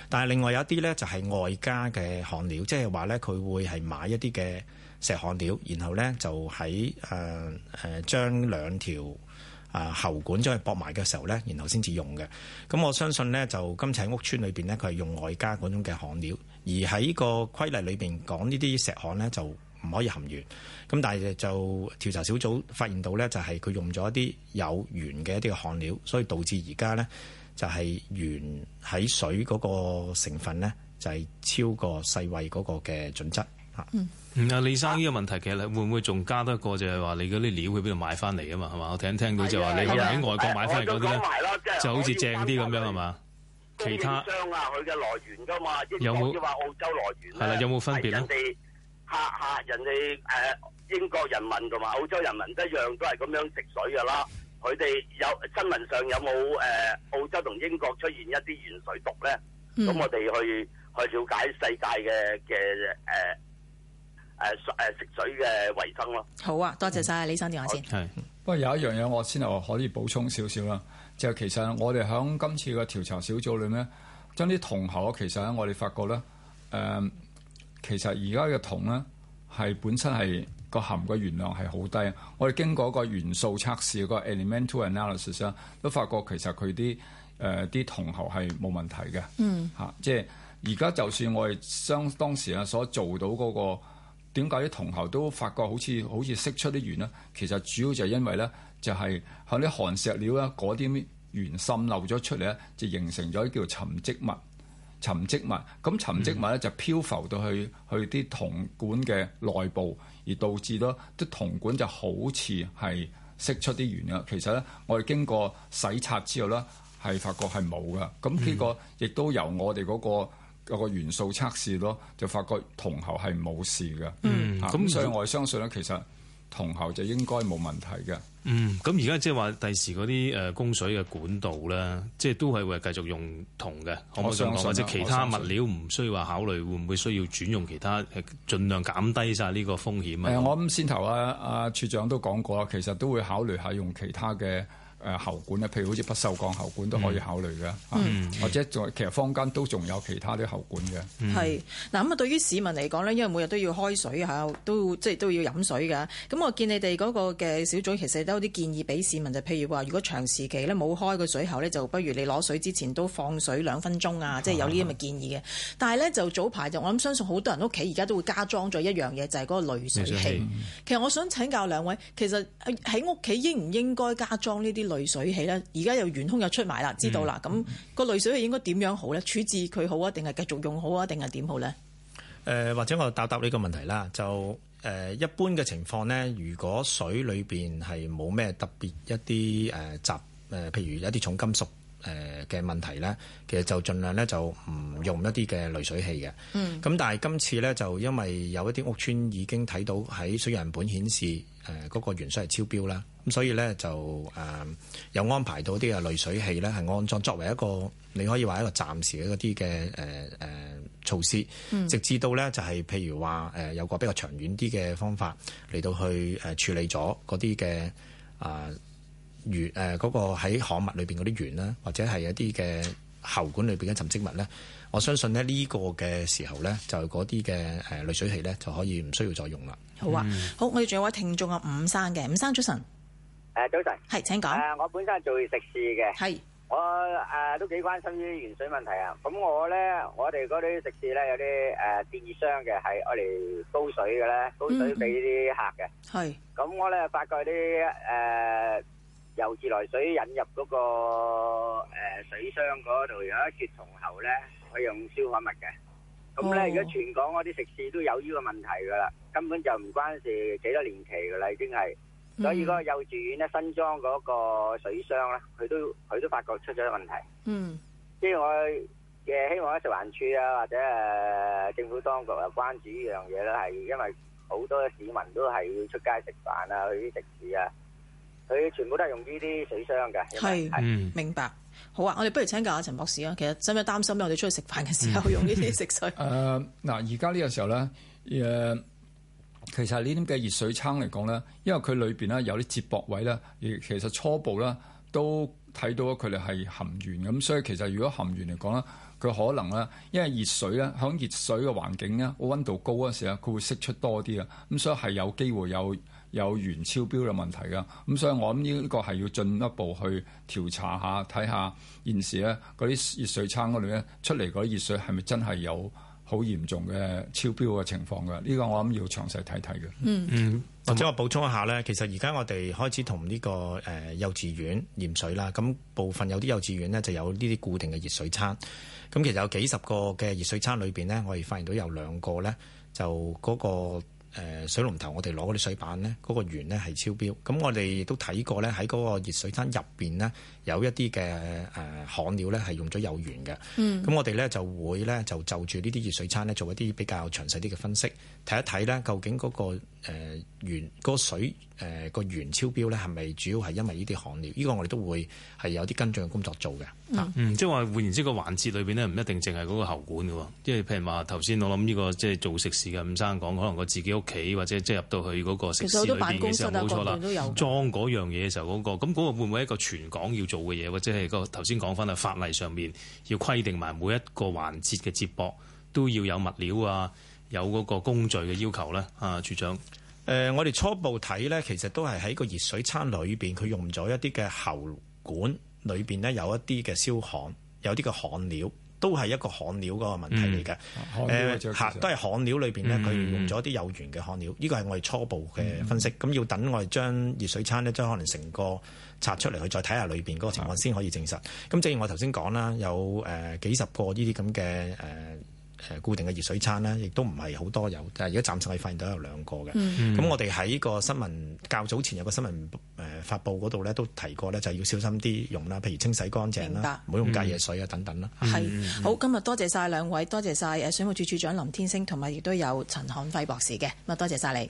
但係另外有一啲呢，就係外加嘅焊料，即係話呢，佢會係買一啲嘅石焊料，然後呢，就喺誒誒將兩條啊喉管將佢駁埋嘅時候呢，然後先至用嘅。咁我相信呢，就今次喺屋村裏邊呢，佢係用外加嗰種嘅焊料，而喺個規例裏邊講呢啲石焊呢，就。唔可以含鉛，咁但係就調查小組發現到咧，就係佢用咗一啲有鉛嘅一啲嘅焊料，所以導致而家咧就係鉛喺水嗰個成分咧就係超過世衞嗰個嘅準則。嗯，嗯，李生呢個問題其實你會唔會仲加得過就係話你嗰啲料去邊度買翻嚟啊嘛？係嘛？我聽聽到就話你可能喺外國買翻嚟嗰啲咧，就好似正啲咁樣係嘛？其他啊，佢嘅來源㗎嘛？有冇澳洲來源？係喇，有冇分別咧？吓、啊、吓、啊、人哋，誒、啊、英國人民同埋澳洲人民一樣，都係咁樣食水嘅啦。佢哋有新聞上有冇誒、啊、澳洲同英國出現一啲鉛水毒咧？咁、嗯、我哋去去了解世界嘅嘅誒誒誒食水嘅衞生咯。好啊，多謝晒。李、嗯、生電話先。係，不過有一樣嘢我先頭可以補充少少啦，就係、其實我哋喺今次嘅調查小組裏面，將啲銅喉其實咧我哋發覺咧，誒、嗯。其實而家嘅銅咧，係本身係個含個鉛量係好低。我哋經過個元素測試個 elemental analysis 啦，都發覺其實佢啲誒啲銅喉係冇問題嘅。嗯，嚇，即係而家就算我哋相當時啊所做到嗰、嗰個點解啲銅喉都發覺好似好似釋出啲鉛呢？其實主要就係因為咧就係喺啲寒石料咧嗰啲鉛滲漏咗出嚟咧，就形成咗叫沉積物。沉積物，咁沉積物咧就漂浮到去去啲銅管嘅內部，而導致到啲銅管就好似係釋出啲鉛。啊。其實咧，我哋經過洗刷之後咧，係發覺係冇噶。咁呢個亦都由我哋嗰個元素測試咯，就發覺銅喉係冇事嘅。嗯，咁、嗯、所以我哋相信咧，其實。銅喉就應該冇問題嘅。嗯，咁而家即係話第時嗰啲誒供水嘅管道咧，即係都係會繼續用銅嘅，可唔可以？或者其他物料唔需要話考慮，會唔會需要轉用其他？盡量減低晒呢個風險啊！嗯，我諗先頭啊，阿處長都講過，其實都會考慮下用其他嘅。誒、呃、喉管譬如好似不銹鋼喉管、嗯、都可以考慮嘅、嗯，或者仲其實坊間都仲有其他啲喉管嘅。嗯、係嗱，咁啊對於市民嚟講，呢因為每日都要開水嚇，都即係都要飲水㗎。咁我見你哋嗰個嘅小組，其實都有啲建議俾市民，就譬如話，如果長時期咧冇開個水喉咧，就不如你攞水之前都放水兩分鐘啊，即、就、係、是、有呢啲咁嘅建議嘅、啊。但係咧就早排就我諗相信好多人屋企而家現在都會加裝咗一樣嘢，就係、是、嗰個濾水器、嗯。其實我想請教兩位，其實喺屋企應唔應該加裝呢啲？濾水器呢，而家又圓通又出埋啦，知道啦。咁、嗯、個濾水器應該點樣好呢？處置佢好啊，定係繼續用好啊，定係點好呢？誒、呃，或者我答答呢個問題啦。就誒、呃，一般嘅情況呢，如果水裏邊係冇咩特別一啲誒雜誒，譬如一啲重金屬誒嘅、呃、問題呢，其實就盡量呢就唔用一啲嘅濾水器嘅。嗯。咁但係今次呢，就因為有一啲屋邨已經睇到喺水樣本顯示，誒、呃、嗰、那個元素係超標啦，咁所以咧就誒、呃、有安排到啲啊濾水器咧係安裝，作為一個你可以話一個暫時嘅嗰啲嘅誒誒措施，嗯、直至到咧就係、是、譬如話誒、呃、有個比較長遠啲嘅方法嚟到去誒處理咗嗰啲嘅啊源誒嗰個喺河物裏邊嗰啲源啦，或者係一啲嘅喉管裏邊嘅沉積物咧。我相信咧呢個嘅時候咧，就嗰啲嘅誒濾水器咧，就可以唔需要再用啦、嗯。好啊，好，我哋仲有位聽眾啊，伍生嘅，伍生早晨。誒早晨。係請講、呃。我本身係做食肆嘅。係。我誒、呃、都幾關心啲原水問題啊。咁我咧，我哋嗰啲食肆咧有啲誒電熱箱嘅，係、呃、我嚟煲水嘅咧，煲水俾啲客嘅。係、嗯。咁我咧發覺啲誒由自來水引入嗰、那個、呃、水箱嗰度有一截銅喉咧。佢用消防物嘅，咁咧而家全港嗰啲食肆都有依個問題噶啦，根本就唔關事幾多年期噶啦，已經係。所以嗰個幼稚園咧新裝嗰個水箱咧，佢都佢都發覺出咗問題。嗯，即係我嘅希望喺，食環處啊或者誒政府當局啊關注依樣嘢啦，係因為好多市民都係要出街食飯啊，去啲食肆啊，佢全部都係用依啲水箱嘅。係，明白。好啊，我哋不如請教下陳博士啊。其實使唔使擔心咧？我哋出去食飯嘅時候用呢啲食水？誒 嗱、呃，而家呢個時候咧，誒、呃、其實呢啲嘅熱水燙嚟講咧，因為佢裏邊咧有啲接駁位咧，而其實初步咧都睇到佢哋係含鉛嘅。咁所以其實如果含鉛嚟講咧，佢可能咧，因為熱水咧，響熱水嘅環境咧，個溫度高嗰時候咧，佢會釋出多啲啊。咁所以係有機會有。有鉛超標嘅問題㗎，咁所以我諗呢個係要進一步去調查一下，睇下現時咧嗰啲熱水餐嗰度咧出嚟嗰啲熱水係咪真係有好嚴重嘅超標嘅情況㗎？呢、呢個我諗要詳細睇睇嘅。嗯嗯，嗯，或者我補充一下咧，其實而家我哋開始同呢個誒幼稚園驗水啦，咁部分有啲幼稚園咧就有呢啲固定嘅熱水餐，咁其實有幾十個嘅熱水餐裏邊咧，我哋發現到有兩個咧就嗰、嗰個。誒水龍頭我哋攞嗰啲水板呢，嗰、嗰個鉛呢係超標。咁我哋亦都睇過呢，喺嗰個熱水餐入面呢，有一啲嘅誒焊料呢係用咗有鉛嘅。嗯，咁我哋呢就會呢，就就住呢啲熱水餐呢做一啲比較詳細啲嘅分析，睇一睇呢究竟嗰個誒鉛、嗰個水。誒、呃、個鉛超標咧，係咪主要係因為呢啲行料？呢、這個我哋都會係有啲跟進嘅工作做嘅。嗯，即係話換言之，個環節裏邊咧，唔一定淨係嗰個喉管嘅喎。因為譬如話頭先，我諗呢、這個即係、就是、做食肆嘅伍生講，可能我自己屋企或者即係入到去嗰個食肆裏邊嘅時候，冇錯啦，裝嗰樣嘢嘅時候嗰、那個，咁嗰個會唔會一個全港要做嘅嘢，或者係、那個頭先講翻啊法例上面要規定埋每一個環節嘅接駁都要有物料啊，有嗰個工序嘅要求咧？啊，處長。誒、呃，我哋初步睇呢，其實都係喺個熱水餐裏邊，佢用咗一啲嘅喉管裏邊呢有一啲嘅燒焊，有啲嘅焊料，都係一個焊料嗰個問題嚟嘅。誒、嗯就是呃，都係焊料裏邊呢佢用咗啲有鉛嘅焊料。呢個係我哋初步嘅分析。咁、嗯、要等我哋將熱水餐呢，將可能成個拆出嚟去再睇下裏邊嗰個情況先可以證實。咁正如我頭先講啦，有誒、呃、幾十個呢啲咁嘅誒。呃誒固定嘅熱水餐咧，亦都唔係好多有，但係而家暫時我發現到有兩個嘅。咁、嗯、我哋喺個新聞較早前有個新聞誒發佈嗰度咧，都提過咧，就係要小心啲用啦，譬如清洗乾淨啦，唔好用隔夜水啊等等啦。係、嗯嗯、好，今日多謝晒兩位，多謝晒誒水務署署長林天星，同埋亦都有陳漢輝博士嘅。咁啊，多謝晒你。